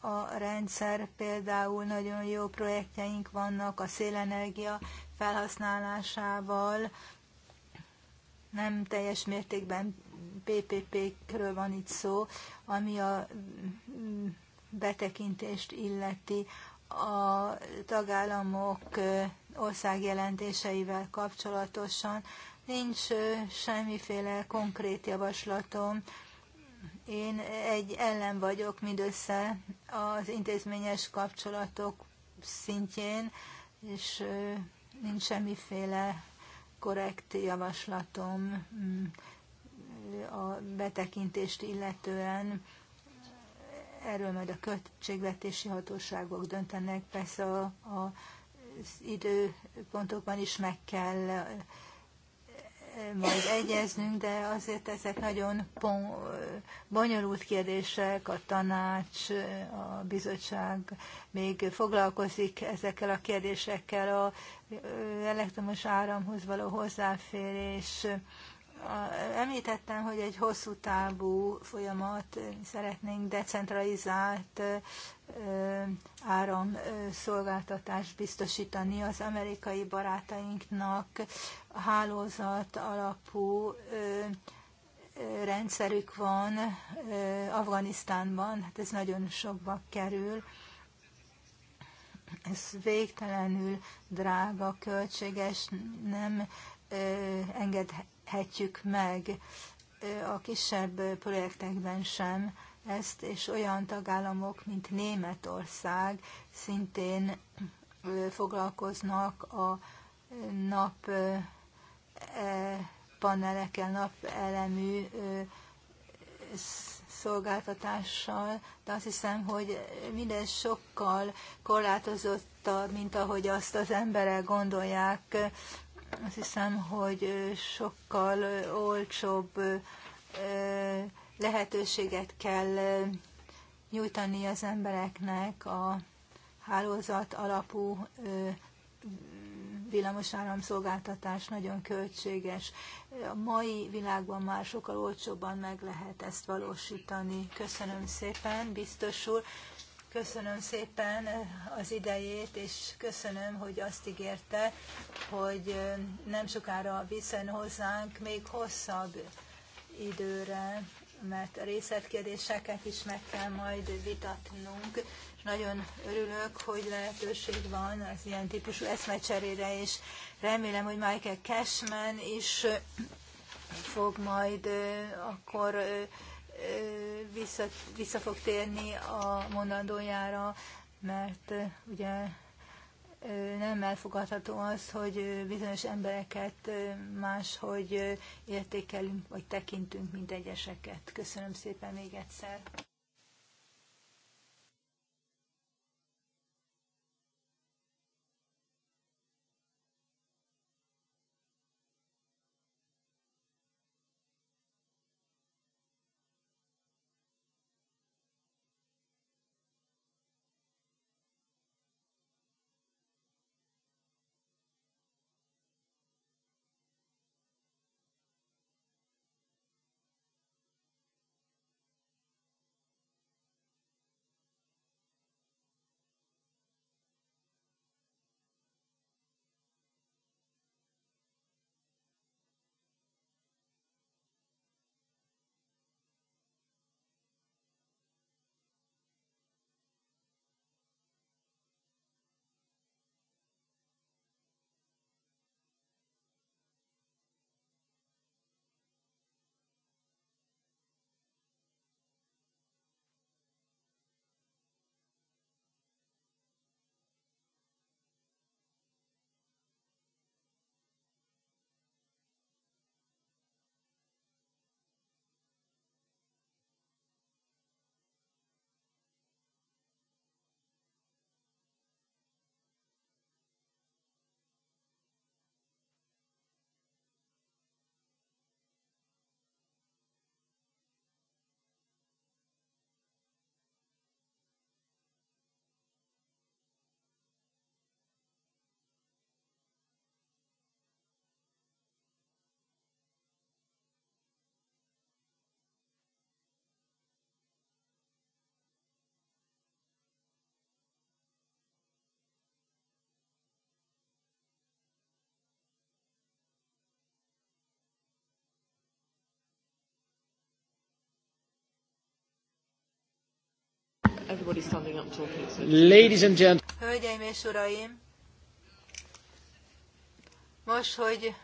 a rendszer, például nagyon jó projektjeink vannak a szélenergia felhasználásával, nem teljes mértékben PPP-kről van itt szó, ami a mm, betekintést illeti a tagállamok országjelentéseivel kapcsolatosan. Nincs semmiféle konkrét javaslatom. Én egy ellen vagyok mindössze az intézményes kapcsolatok szintjén, és nincs semmiféle korrekt javaslatom mm, a betekintést illetően. Erről majd a költségvetési hatóságok döntenek, persze a, a, az időpontokban is meg kell majd egyeznünk, de azért ezek nagyon bonyolult kérdések, a tanács, a bizottság még foglalkozik ezekkel a kérdésekkel, a elektromos áramhoz való hozzáférés. Említettem, hogy egy hosszú távú folyamat, szeretnénk decentralizált áramszolgáltatást biztosítani az amerikai barátainknak, hálózat alapú rendszerük van Afganisztánban, hát ez nagyon sokba kerül. Ez végtelenül drága, költséges, nem engedhetjük meg a kisebb projektekben sem ezt, és olyan tagállamok, mint Németország szintén foglalkoznak a nap panelekkel, napelemű szolgáltatással, de azt hiszem, hogy minden sokkal korlátozottabb, mint ahogy azt az emberek gondolják. Azt hiszem, hogy sokkal olcsóbb lehetőséget kell nyújtani az embereknek a hálózat alapú villamosáramszolgáltatás nagyon költséges. A mai világban már sokkal olcsóbban meg lehet ezt valósítani. Köszönöm szépen, biztos úr. Köszönöm szépen az idejét, és köszönöm, hogy azt ígérte, hogy nem sokára viszen hozzánk még hosszabb időre, mert a részletkérdéseket is meg kell majd vitatnunk. Nagyon örülök, hogy lehetőség van az ilyen típusú eszmecserére, és remélem, hogy Michael Cashman is fog majd akkor vissza, vissza fog térni a mondandójára, mert ugye nem elfogadható az, hogy bizonyos embereket máshogy értékelünk, vagy tekintünk, mint egyeseket. Köszönöm szépen még egyszer. Everybody's standing up talking. So Ladies and gentlemen. Hölgyeim és uraim, most, hogy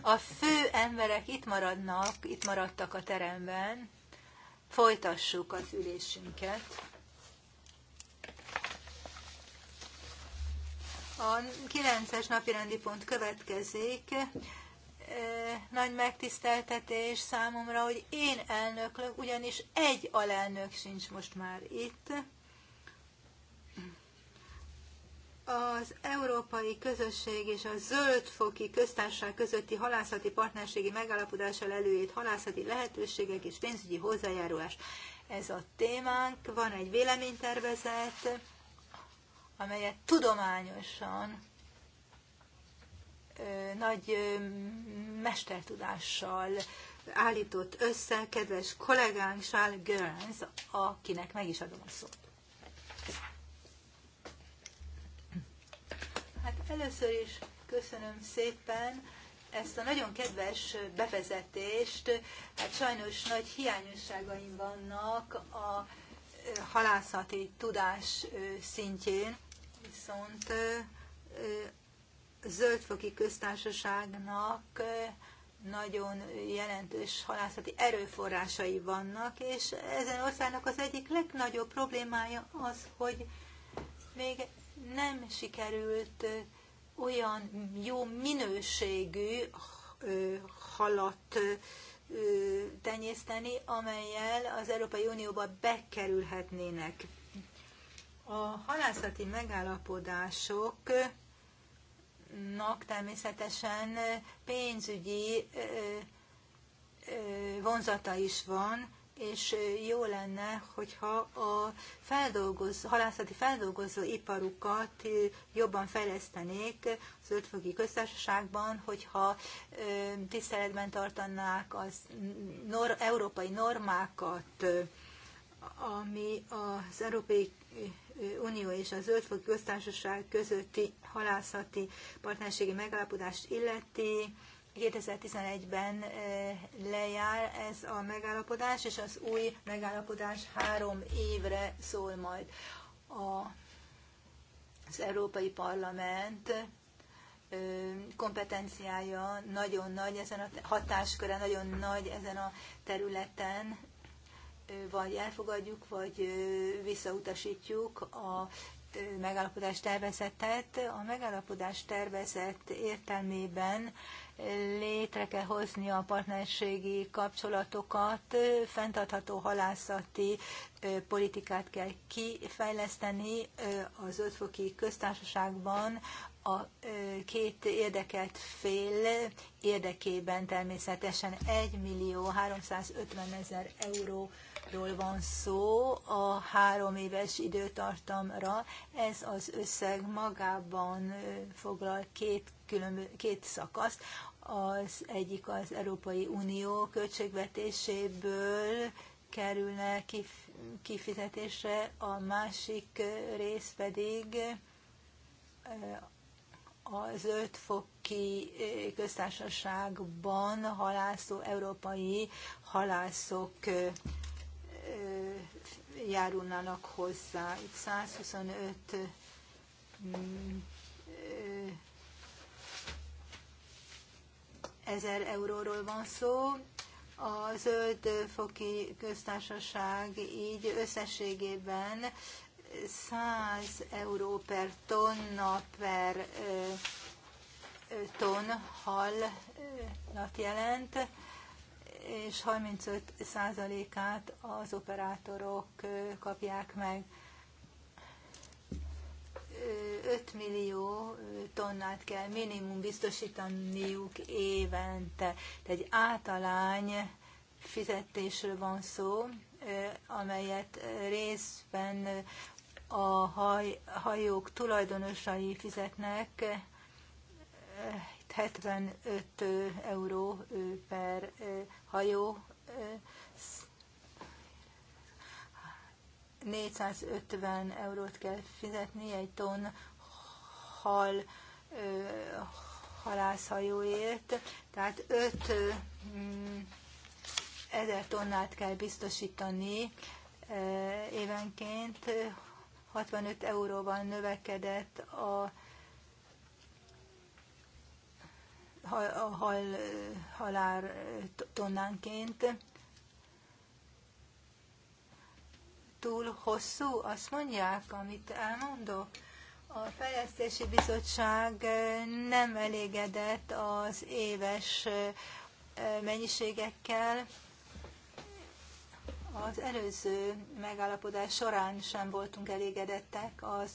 a fő emberek itt maradnak, itt maradtak a teremben, folytassuk az ülésünket. A kilences es napirendi pont következik nagy megtiszteltetés számomra, hogy én elnöklök, ugyanis egy alelnök sincs most már itt. Az Európai Közösség és a Zöldfoki Köztársaság közötti halászati partnerségi megállapodással előírt halászati lehetőségek és pénzügyi hozzájárulás. Ez a témánk. Van egy véleménytervezet, amelyet tudományosan nagy mestertudással állított össze kedves kollégánk Charles Görens, akinek meg is adom a szót. Hát először is köszönöm szépen ezt a nagyon kedves bevezetést. Hát sajnos nagy hiányosságaim vannak a halászati tudás szintjén, viszont Zöldfoki Köztársaságnak eh, nagyon jelentős halászati erőforrásai vannak, és ezen országnak az egyik legnagyobb problémája az, hogy még nem sikerült eh, olyan jó minőségű eh, halat tenyészteni, amelyel az Európai Unióba bekerülhetnének. A halászati megállapodások nak természetesen pénzügyi vonzata is van, és jó lenne, hogyha a feldolgozó, halászati feldolgozó iparukat jobban fejlesztenék az ötfogi köztársaságban, hogyha tiszteletben tartanák az nor- európai normákat, ami az Európai Unió és a Zöldfog Köztársaság közötti halászati partnerségi megállapodást illeti. 2011-ben eh, lejár ez a megállapodás, és az új megállapodás három évre szól majd. A, az Európai Parlament eh, kompetenciája nagyon nagy ezen a hatásköre, nagyon nagy ezen a területen, vagy elfogadjuk, vagy visszautasítjuk a megállapodás tervezetet. A megállapodás tervezet értelmében létre kell hozni a partnerségi kapcsolatokat, fenntartható halászati politikát kell kifejleszteni az ötfoki köztársaságban, a két érdekelt fél érdekében természetesen 1 millió 350 ezer euró ról van szó a három éves időtartamra. Ez az összeg magában foglal két, különbö, két szakaszt. Az egyik az Európai Unió költségvetéséből kerülne kif, kifizetésre, a másik rész pedig a zöld foki köztársaságban halászó európai halászok járulnának hozzá. Itt 125 ezer euróról van szó. A Zöld Foki Köztársaság így összességében 100 euró per tonna per ton halnak jelent és 35 százalékát az operátorok kapják meg. 5 millió tonnát kell minimum biztosítaniuk évente. Tehát egy általány fizetésről van szó, amelyet részben a haj, hajók tulajdonosai fizetnek 75 euró per hajó 450 eurót kell fizetni egy ton hal halászhajóért, tehát 5 mm, ezer tonnát kell biztosítani évenként, 65 euróval növekedett a hal, hal, halár eh, tonnánként. Túl hosszú, azt mondják, amit elmondok. A Fejlesztési Bizottság eh, nem elégedett az éves eh, mennyiségekkel. Az előző megállapodás során sem voltunk elégedettek az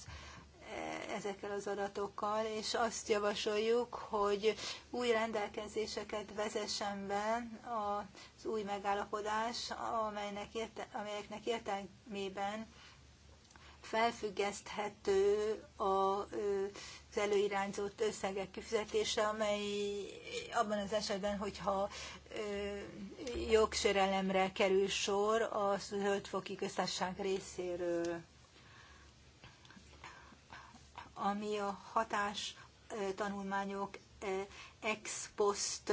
ezekkel az adatokkal, és azt javasoljuk, hogy új rendelkezéseket vezessen be az új megállapodás, amelynek érte, amelyeknek értelmében felfüggeszthető az előirányzott összegek kifizetése, amely abban az esetben, hogyha jogsérelemre kerül sor a Zöldfoki Köztársaság részéről ami a hatás tanulmányok ex post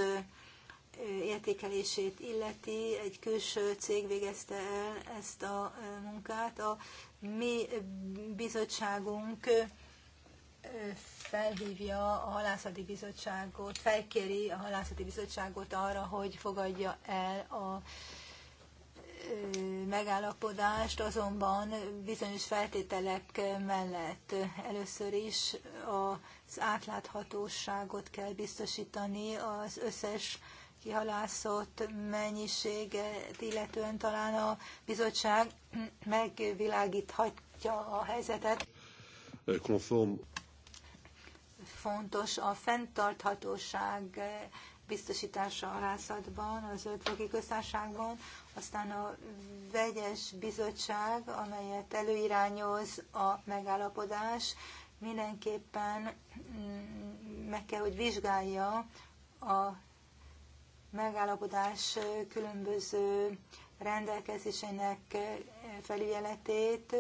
értékelését illeti. Egy külső cég végezte el ezt a munkát. A mi bizottságunk felhívja a halászati bizottságot, felkéri a halászati bizottságot arra, hogy fogadja el a megállapodást, azonban bizonyos feltételek mellett először is az átláthatóságot kell biztosítani az összes kihalászott mennyiséget, illetően talán a bizottság megvilágíthatja a helyzetet. Konform. Fontos a fenntarthatóság biztosítása halászatban, az ötfoki köztársaságban, aztán a vegyes bizottság, amelyet előirányoz a megállapodás, mindenképpen mm, meg kell, hogy vizsgálja a megállapodás különböző rendelkezésének felügyeletét,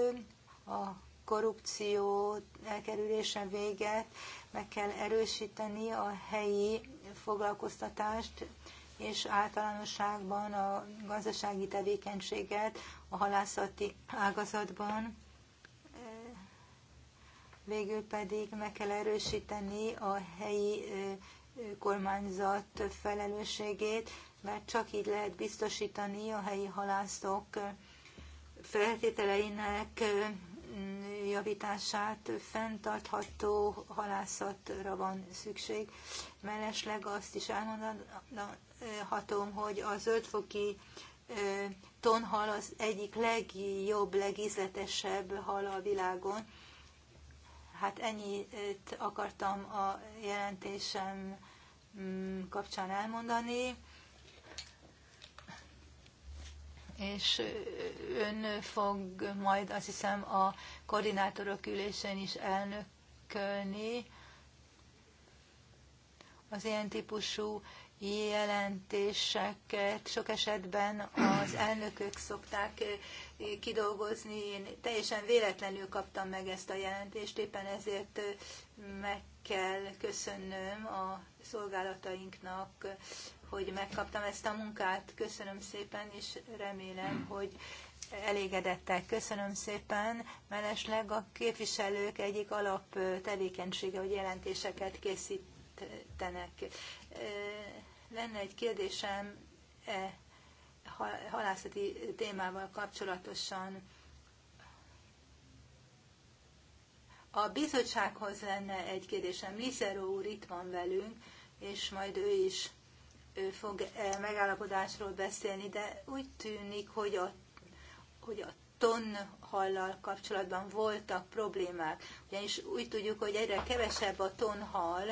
a korrupció elkerülése véget, meg kell erősíteni a helyi foglalkoztatást, és általánosságban a gazdasági tevékenységet a halászati ágazatban. Végül pedig meg kell erősíteni a helyi kormányzat felelősségét, mert csak így lehet biztosítani a helyi halászok feltételeinek javítását, fenntartható halászatra van szükség. Mellesleg azt is elmondhatom, hogy az ötfoki tonhal az egyik legjobb, legízletesebb hal a világon. Hát ennyit akartam a jelentésem mm, kapcsán elmondani és ön fog majd azt hiszem a koordinátorok ülésen is elnökölni. Az ilyen típusú jelentéseket sok esetben az elnökök szokták kidolgozni. Én teljesen véletlenül kaptam meg ezt a jelentést, éppen ezért meg kell köszönnöm a szolgálatainknak hogy megkaptam ezt a munkát. Köszönöm szépen, és remélem, hogy elégedettek. Köszönöm szépen. Mellesleg a képviselők egyik alap tevékenysége, hogy jelentéseket készítenek. Lenne egy kérdésem e halászati témával kapcsolatosan. A bizottsághoz lenne egy kérdésem. Lizero úr itt van velünk, és majd ő is ő fog eh, megállapodásról beszélni, de úgy tűnik, hogy a, hogy a tonhallal kapcsolatban voltak problémák. Ugyanis úgy tudjuk, hogy egyre kevesebb a tonhal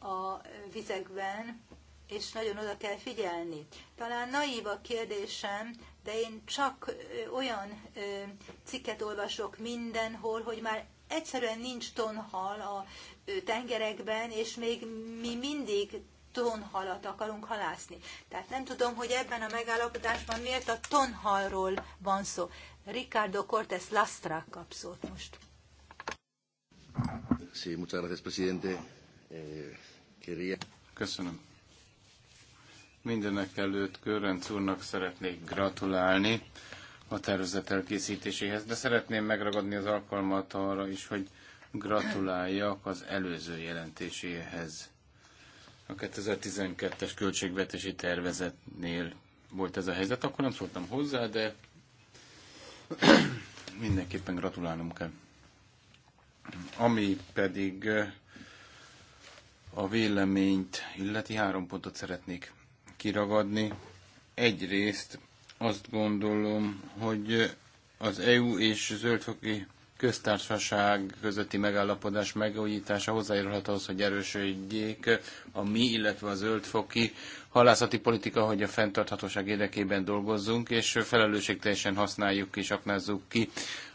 a vizekben, és nagyon oda kell figyelni. Talán naív a kérdésem, de én csak eh, olyan eh, cikket olvasok mindenhol, hogy már egyszerűen nincs tonhal a tengerekben, és még mi mindig tonhalat akarunk halászni. Tehát nem tudom, hogy ebben a megállapodásban miért a tonhalról van szó. Ricardo Cortés Lastra kap szót most. Sí, muchas gracias, presidente. Eh, Köszönöm. Mindenek előtt Körrenc úrnak szeretnék gratulálni a tervezet elkészítéséhez, de szeretném megragadni az alkalmat arra is, hogy gratuláljak az előző jelentéséhez a 2012-es költségvetési tervezetnél volt ez a helyzet, akkor nem szóltam hozzá, de mindenképpen gratulálnom kell. Ami pedig eh, a véleményt illeti három pontot szeretnék kiragadni. Egyrészt azt gondolom, hogy az EU és zöldfoki köztársaság közötti megállapodás megújítása hozzájárulhat ahhoz, hogy erősödjék a mi, illetve a zöldfoki halászati politika, hogy a fenntarthatóság érdekében dolgozzunk, és felelősségteljesen használjuk és aknázzuk ki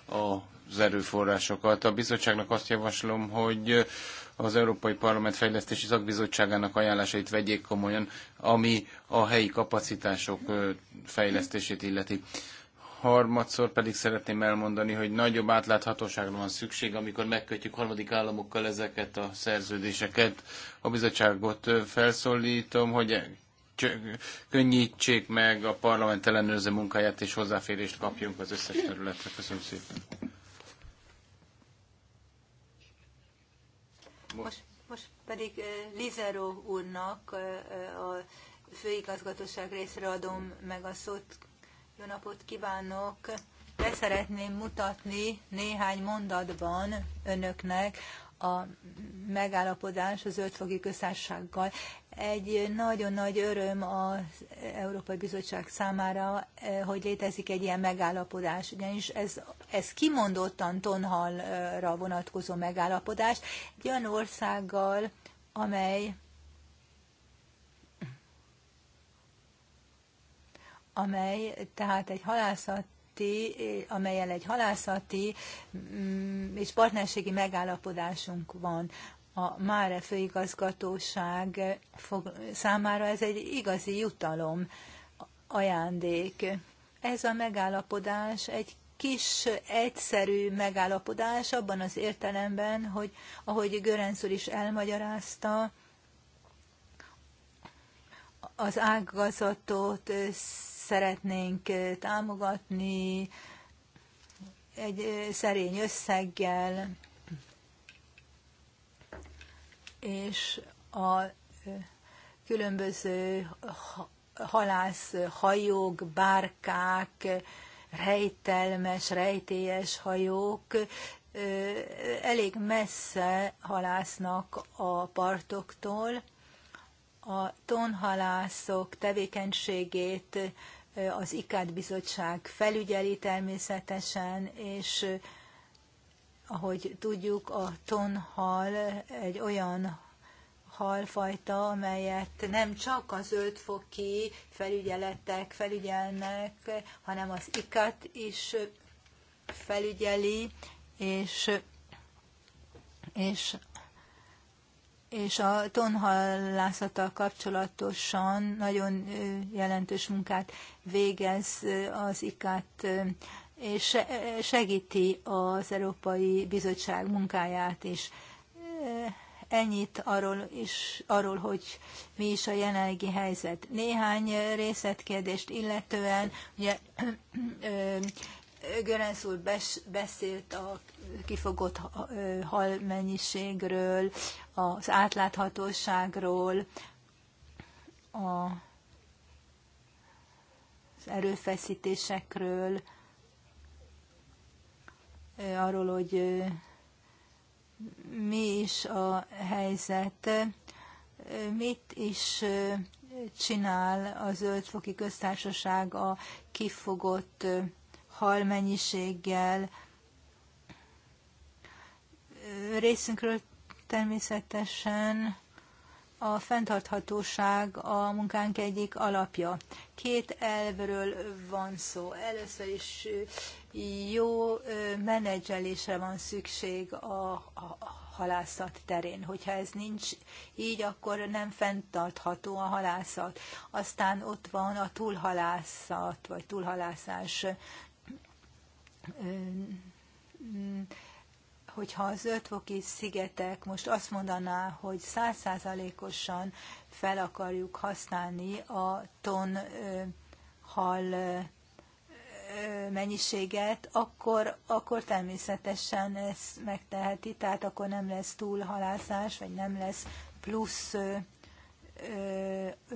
az erőforrásokat. A bizottságnak azt javaslom, hogy az Európai Parlament Fejlesztési Szakbizottságának ajánlásait vegyék komolyan, ami a helyi kapacitások fejlesztését illeti harmadszor pedig szeretném elmondani, hogy nagyobb átláthatóságra van szükség, amikor megkötjük harmadik államokkal ezeket a szerződéseket. A bizottságot felszólítom, hogy e, könnyítsék meg a parlament ellenőrző munkáját, és hozzáférést kapjunk az összes területre. Köszönöm szépen. Most, most pedig Lizero úrnak a főigazgatóság részre adom meg a szót. Jó napot kívánok! Be szeretném mutatni néhány mondatban önöknek a megállapodás az ötfogi köztársasággal. Egy nagyon nagy öröm az Európai Bizottság számára, eh, hogy létezik egy ilyen megállapodás, ugyanis ez, ez kimondottan tonhalra vonatkozó megállapodás egy olyan országgal, amely amely tehát egy halászat amelyel egy halászati mm, és partnerségi megállapodásunk van a Máre főigazgatóság fog, számára ez egy igazi jutalom, ajándék. Ez a megállapodás egy kis, egyszerű megállapodás abban az értelemben, hogy ahogy Görenc úr is elmagyarázta, az ágazatot szeretnénk támogatni egy szerény összeggel, és a különböző halász hajók, bárkák, rejtelmes, rejtélyes hajók elég messze halásznak a partoktól, a tonhalászok tevékenységét az ikad bizottság felügyeli természetesen, és ahogy tudjuk, a tonhal egy olyan halfajta, amelyet nem csak az ötfoki felügyeletek felügyelnek, hanem az ikad is felügyeli, és, és és a tonhallászata kapcsolatosan nagyon jelentős munkát végez az IKÁT, és segíti az Európai Bizottság munkáját is. Ennyit arról, is, arról, hogy mi is a jelenlegi helyzet. Néhány részletkérdést illetően, ugye Görensz úr beszélt a kifogott hal mennyiségről, az átláthatóságról, a, az erőfeszítésekről, arról, hogy mi is a helyzet, mit is csinál a Zöldfoki Köztársaság a kifogott hal mennyiséggel. Részünkről természetesen a fenntarthatóság a munkánk egyik alapja. Két elvről van szó. Először is jó menedzselésre van szükség a, a halászat terén. Hogyha ez nincs így, akkor nem fenntartható a halászat. Aztán ott van a túlhalászat, vagy túlhalászás hogyha az ötvoki szigetek most azt mondaná, hogy százszázalékosan fel akarjuk használni a ton hal mennyiséget, akkor, akkor természetesen ezt megteheti, tehát akkor nem lesz túl halászás, vagy nem lesz plusz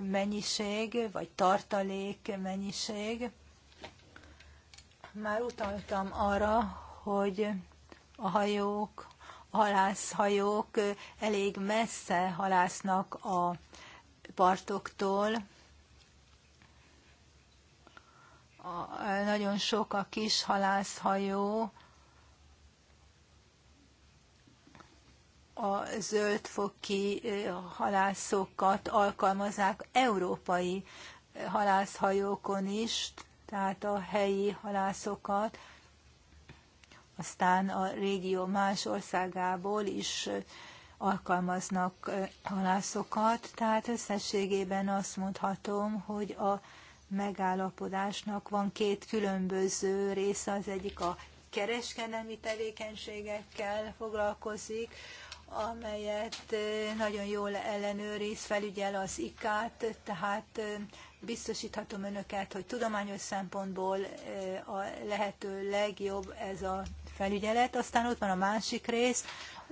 mennyiség, vagy tartalék mennyiség. Már utaltam arra, hogy a hajók, a halászhajók elég messze halásznak a partoktól. A, nagyon sok a kis halászhajó, a zöldfoki halászokat alkalmazzák európai halászhajókon is, tehát a helyi halászokat, aztán a régió más országából is alkalmaznak halászokat, tehát összességében azt mondhatom, hogy a megállapodásnak van két különböző része, az egyik a kereskedelmi tevékenységekkel foglalkozik, amelyet nagyon jól ellenőriz, felügyel az ikát, tehát biztosíthatom önöket, hogy tudományos szempontból eh, a lehető legjobb ez a felügyelet. Aztán ott van a másik rész,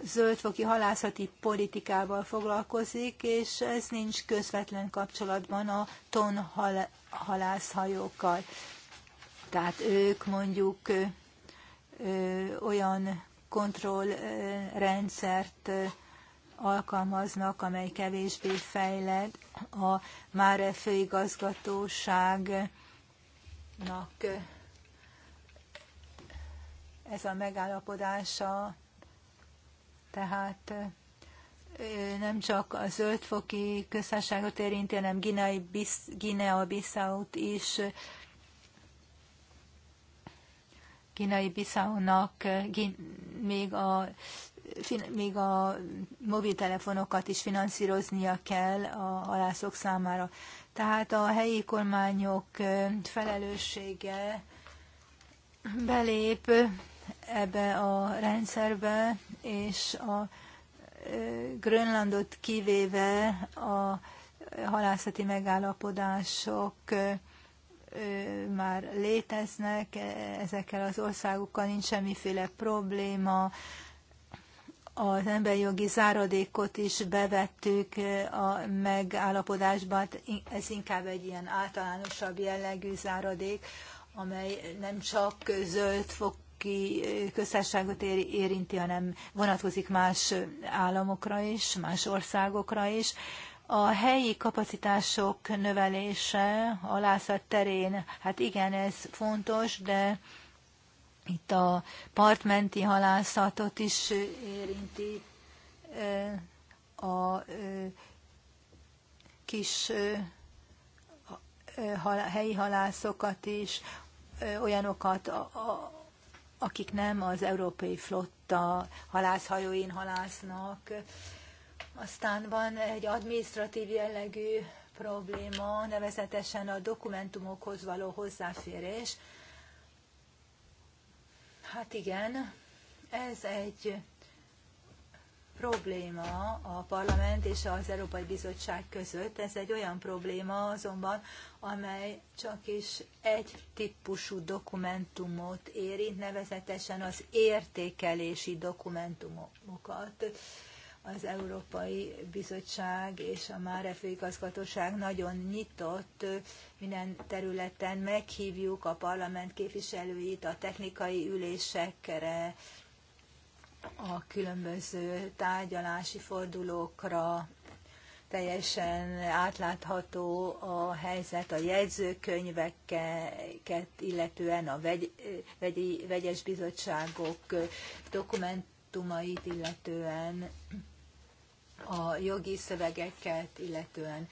zöldfoki halászati politikával foglalkozik, és ez nincs közvetlen kapcsolatban a ton halászhajókkal. Tehát ők mondjuk eh, eh, olyan kontrollrendszert alkalmaznak, amely kevésbé fejlett, a már főigazgatóságnak ez a megállapodása, tehát nem csak a zöldfoki köztársaságot érinti, hanem Guinea-Bissaut is. guinea nak még a még a mobiltelefonokat is finanszíroznia kell a halászok számára. Tehát a helyi kormányok felelőssége belép ebbe a rendszerbe, és a Grönlandot kivéve a halászati megállapodások már léteznek, e, ezekkel az országokkal nincs semmiféle probléma, az emberjogi záradékot is bevettük a megállapodásban, hát ez inkább egy ilyen általánosabb jellegű záradék, amely nem csak zöld foki köztársaságot érinti, hanem vonatkozik más államokra is, más országokra is. A helyi kapacitások növelése a terén, hát igen, ez fontos, de itt a partmenti halászatot is érinti a kis helyi halászokat is, olyanokat, akik nem az európai flotta halászhajóin halásznak. Aztán van egy administratív jellegű probléma, nevezetesen a dokumentumokhoz való hozzáférés. Hát igen, ez egy probléma a parlament és az Európai Bizottság között. Ez egy olyan probléma azonban, amely csak is egy típusú dokumentumot érint, nevezetesen az értékelési dokumentumokat az Európai Bizottság és a már igazgatóság nagyon nyitott minden területen. Meghívjuk a parlament képviselőit a technikai ülésekre, a különböző tárgyalási fordulókra, teljesen átlátható a helyzet a jegyzőkönyveket, illetően a vegy, vegyi, vegyes bizottságok dokumentumait illetően a jogi szövegeket illetően.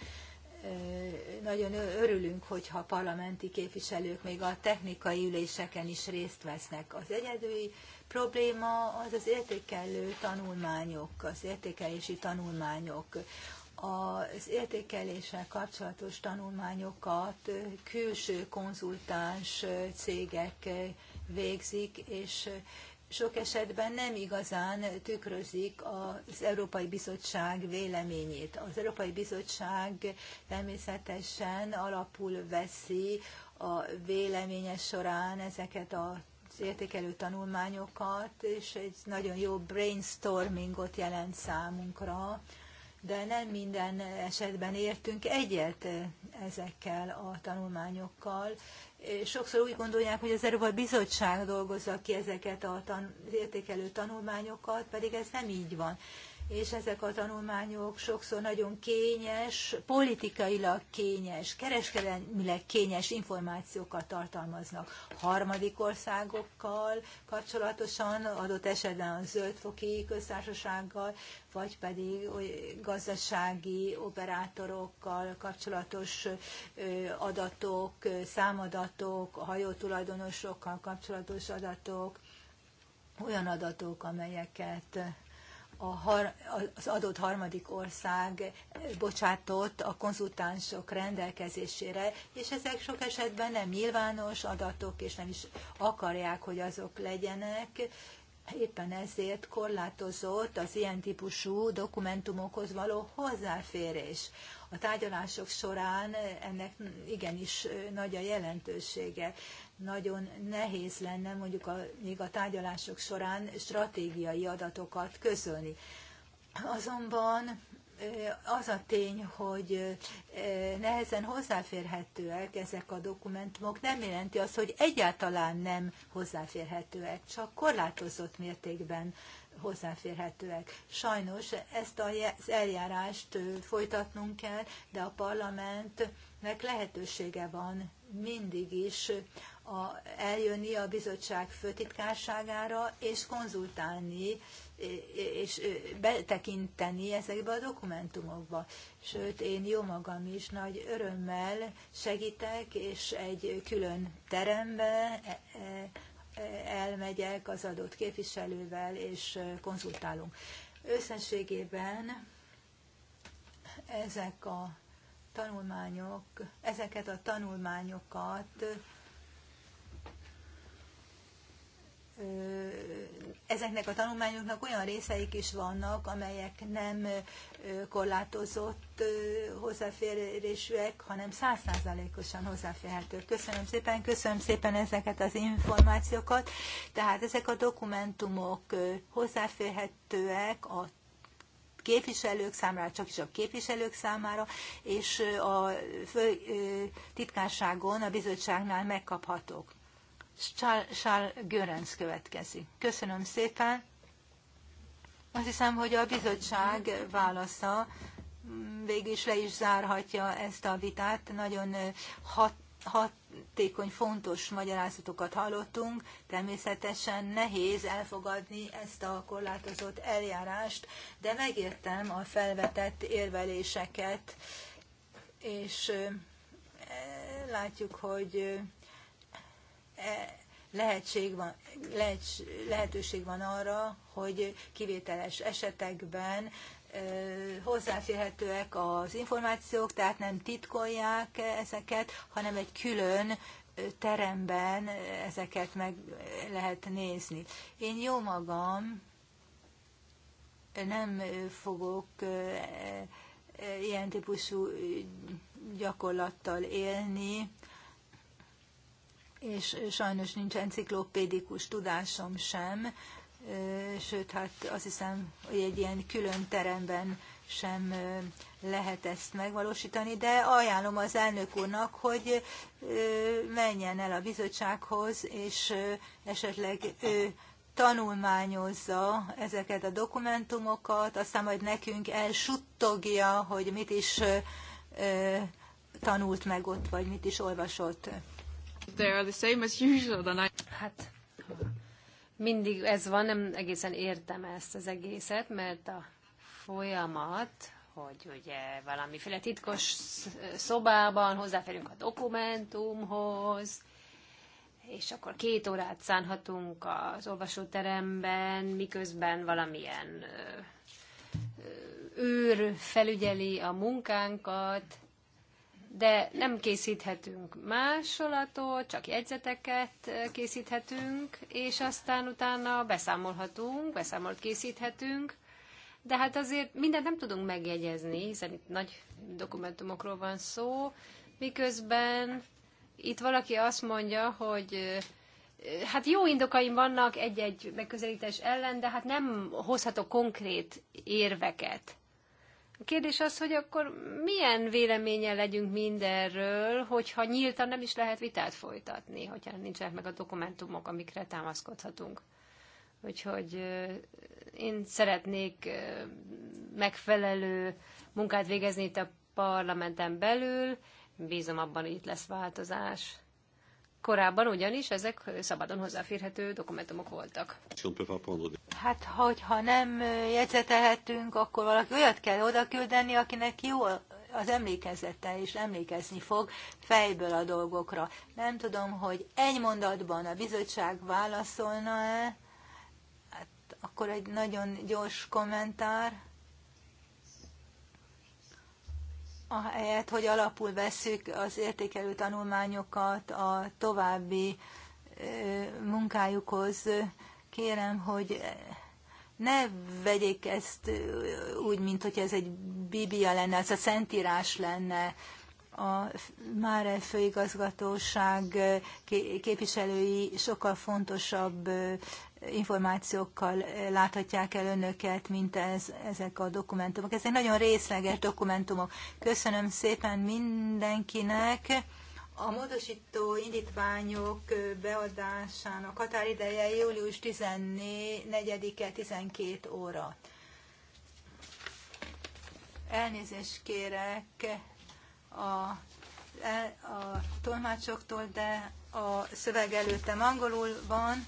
Nagyon örülünk, hogyha a parlamenti képviselők még a technikai üléseken is részt vesznek. Az egyedüli probléma az az értékelő tanulmányok, az értékelési tanulmányok. Az értékeléssel kapcsolatos tanulmányokat külső konzultáns cégek végzik, és sok esetben nem igazán tükrözik az Európai Bizottság véleményét. Az Európai Bizottság természetesen alapul veszi a véleménye során ezeket a értékelő tanulmányokat, és egy nagyon jó brainstormingot jelent számunkra de nem minden esetben értünk egyet eh, ezekkel a tanulmányokkal. Eh, sokszor úgy gondolják, hogy az Európai Bizottság dolgozza ki ezeket a tan- az értékelő tanulmányokat, pedig ez nem így van és ezek a tanulmányok sokszor nagyon kényes, politikailag kényes, kereskedelmileg kényes információkat tartalmaznak harmadik országokkal kapcsolatosan, adott esetben a zöldfoki köztársasággal, vagy pedig gazdasági operátorokkal kapcsolatos adatok, számadatok, hajótulajdonosokkal kapcsolatos adatok, olyan adatok, amelyeket a har, az adott harmadik ország bocsátott a konzultánsok rendelkezésére, és ezek sok esetben nem nyilvános adatok, és nem is akarják, hogy azok legyenek. Éppen ezért korlátozott az ilyen típusú dokumentumokhoz való hozzáférés. A tárgyalások során ennek igenis nagy a jelentősége nagyon nehéz lenne mondjuk a, még a tárgyalások során stratégiai adatokat közölni. Azonban az a tény, hogy nehezen hozzáférhetőek ezek a dokumentumok, nem jelenti azt, hogy egyáltalán nem hozzáférhetőek, csak korlátozott mértékben hozzáférhetőek. Sajnos ezt az eljárást folytatnunk kell, de a parlamentnek lehetősége van mindig is a, eljönni a bizottság főtitkárságára, és konzultálni, és betekinteni ezekbe a dokumentumokba. Sőt, én jó magam is nagy örömmel segítek, és egy külön terembe e, e, e, elmegyek az adott képviselővel, és konzultálunk. Összességében ezek a tanulmányok, ezeket a tanulmányokat ezeknek a tanulmányoknak olyan részeik is vannak, amelyek nem korlátozott hozzáférésűek, hanem százszázalékosan hozzáférhetők. Köszönöm szépen, köszönöm szépen ezeket az információkat. Tehát ezek a dokumentumok hozzáférhetőek a képviselők számára, csak is a képviselők számára, és a titkárságon, a bizottságnál megkaphatók. Charles Görenc következik. Köszönöm szépen. Azt hiszem, hogy a bizottság válasza mm, végül is le is zárhatja ezt a vitát. Nagyon hat, hatékony, fontos magyarázatokat hallottunk. Természetesen nehéz elfogadni ezt a korlátozott eljárást, de megértem a felvetett érveléseket, és e, látjuk, hogy E, lehetség van, lehet, lehetőség van arra, hogy kivételes esetekben e, hozzáférhetőek az információk, tehát nem titkolják ezeket, hanem egy külön e, teremben ezeket meg lehet nézni. Én jó magam nem fogok ilyen típusú gyakorlattal élni, és sajnos nincs enciklopédikus tudásom sem, sőt, hát azt hiszem, hogy egy ilyen külön teremben sem lehet ezt megvalósítani, de ajánlom az elnök úrnak, hogy menjen el a bizottsághoz, és esetleg ő tanulmányozza ezeket a dokumentumokat, aztán majd nekünk elsuttogja, hogy mit is tanult meg ott, vagy mit is olvasott. They are the same as usual, then I... Hát, mindig ez van, nem egészen értem ezt az egészet, mert a folyamat, hogy ugye valamiféle titkos szobában hozzáférünk a dokumentumhoz, és akkor két órát szánhatunk az olvasóteremben, miközben valamilyen őr felügyeli a munkánkat, de nem készíthetünk másolatot, csak jegyzeteket készíthetünk, és aztán utána beszámolhatunk, beszámolt készíthetünk, de hát azért mindent nem tudunk megjegyezni, hiszen itt nagy dokumentumokról van szó, miközben itt valaki azt mondja, hogy hát jó indokaim vannak egy-egy megközelítés ellen, de hát nem hozhatok konkrét érveket. A kérdés az, hogy akkor milyen véleménye legyünk mindenről, hogyha nyíltan nem is lehet vitát folytatni, hogyha nincsenek meg a dokumentumok, amikre támaszkodhatunk. Úgyhogy én szeretnék megfelelő munkát végezni itt a parlamenten belül, bízom abban, hogy itt lesz változás. Korábban ugyanis ezek szabadon hozzáférhető dokumentumok voltak. Hát, hogyha nem jegyzetelhetünk, akkor valaki olyat kell oda küldeni, akinek jó az emlékezete, és emlékezni fog fejből a dolgokra. Nem tudom, hogy egy mondatban a bizottság válaszolna-e, hát akkor egy nagyon gyors kommentár. ahelyett, hogy alapul veszük az értékelő tanulmányokat a további munkájukhoz, kérem, hogy ne vegyék ezt úgy, mint hogy ez egy biblia lenne, ez a szentírás lenne. A Máre főigazgatóság képviselői sokkal fontosabb információkkal eh, láthatják el önöket, mint ez, ezek a dokumentumok. Ezek nagyon részleges dokumentumok. Köszönöm szépen mindenkinek. A módosító indítványok eh, beadásának határideje július 14-e 12 óra. Elnézést kérek a, a tolmácsoktól, de a szöveg előttem angolul van.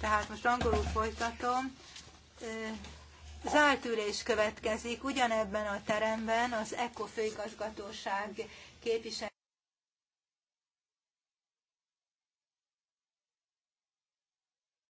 Tehát most angolul folytatom. Zárt ülés következik ugyanebben a teremben az ECO főigazgatóság képviselő.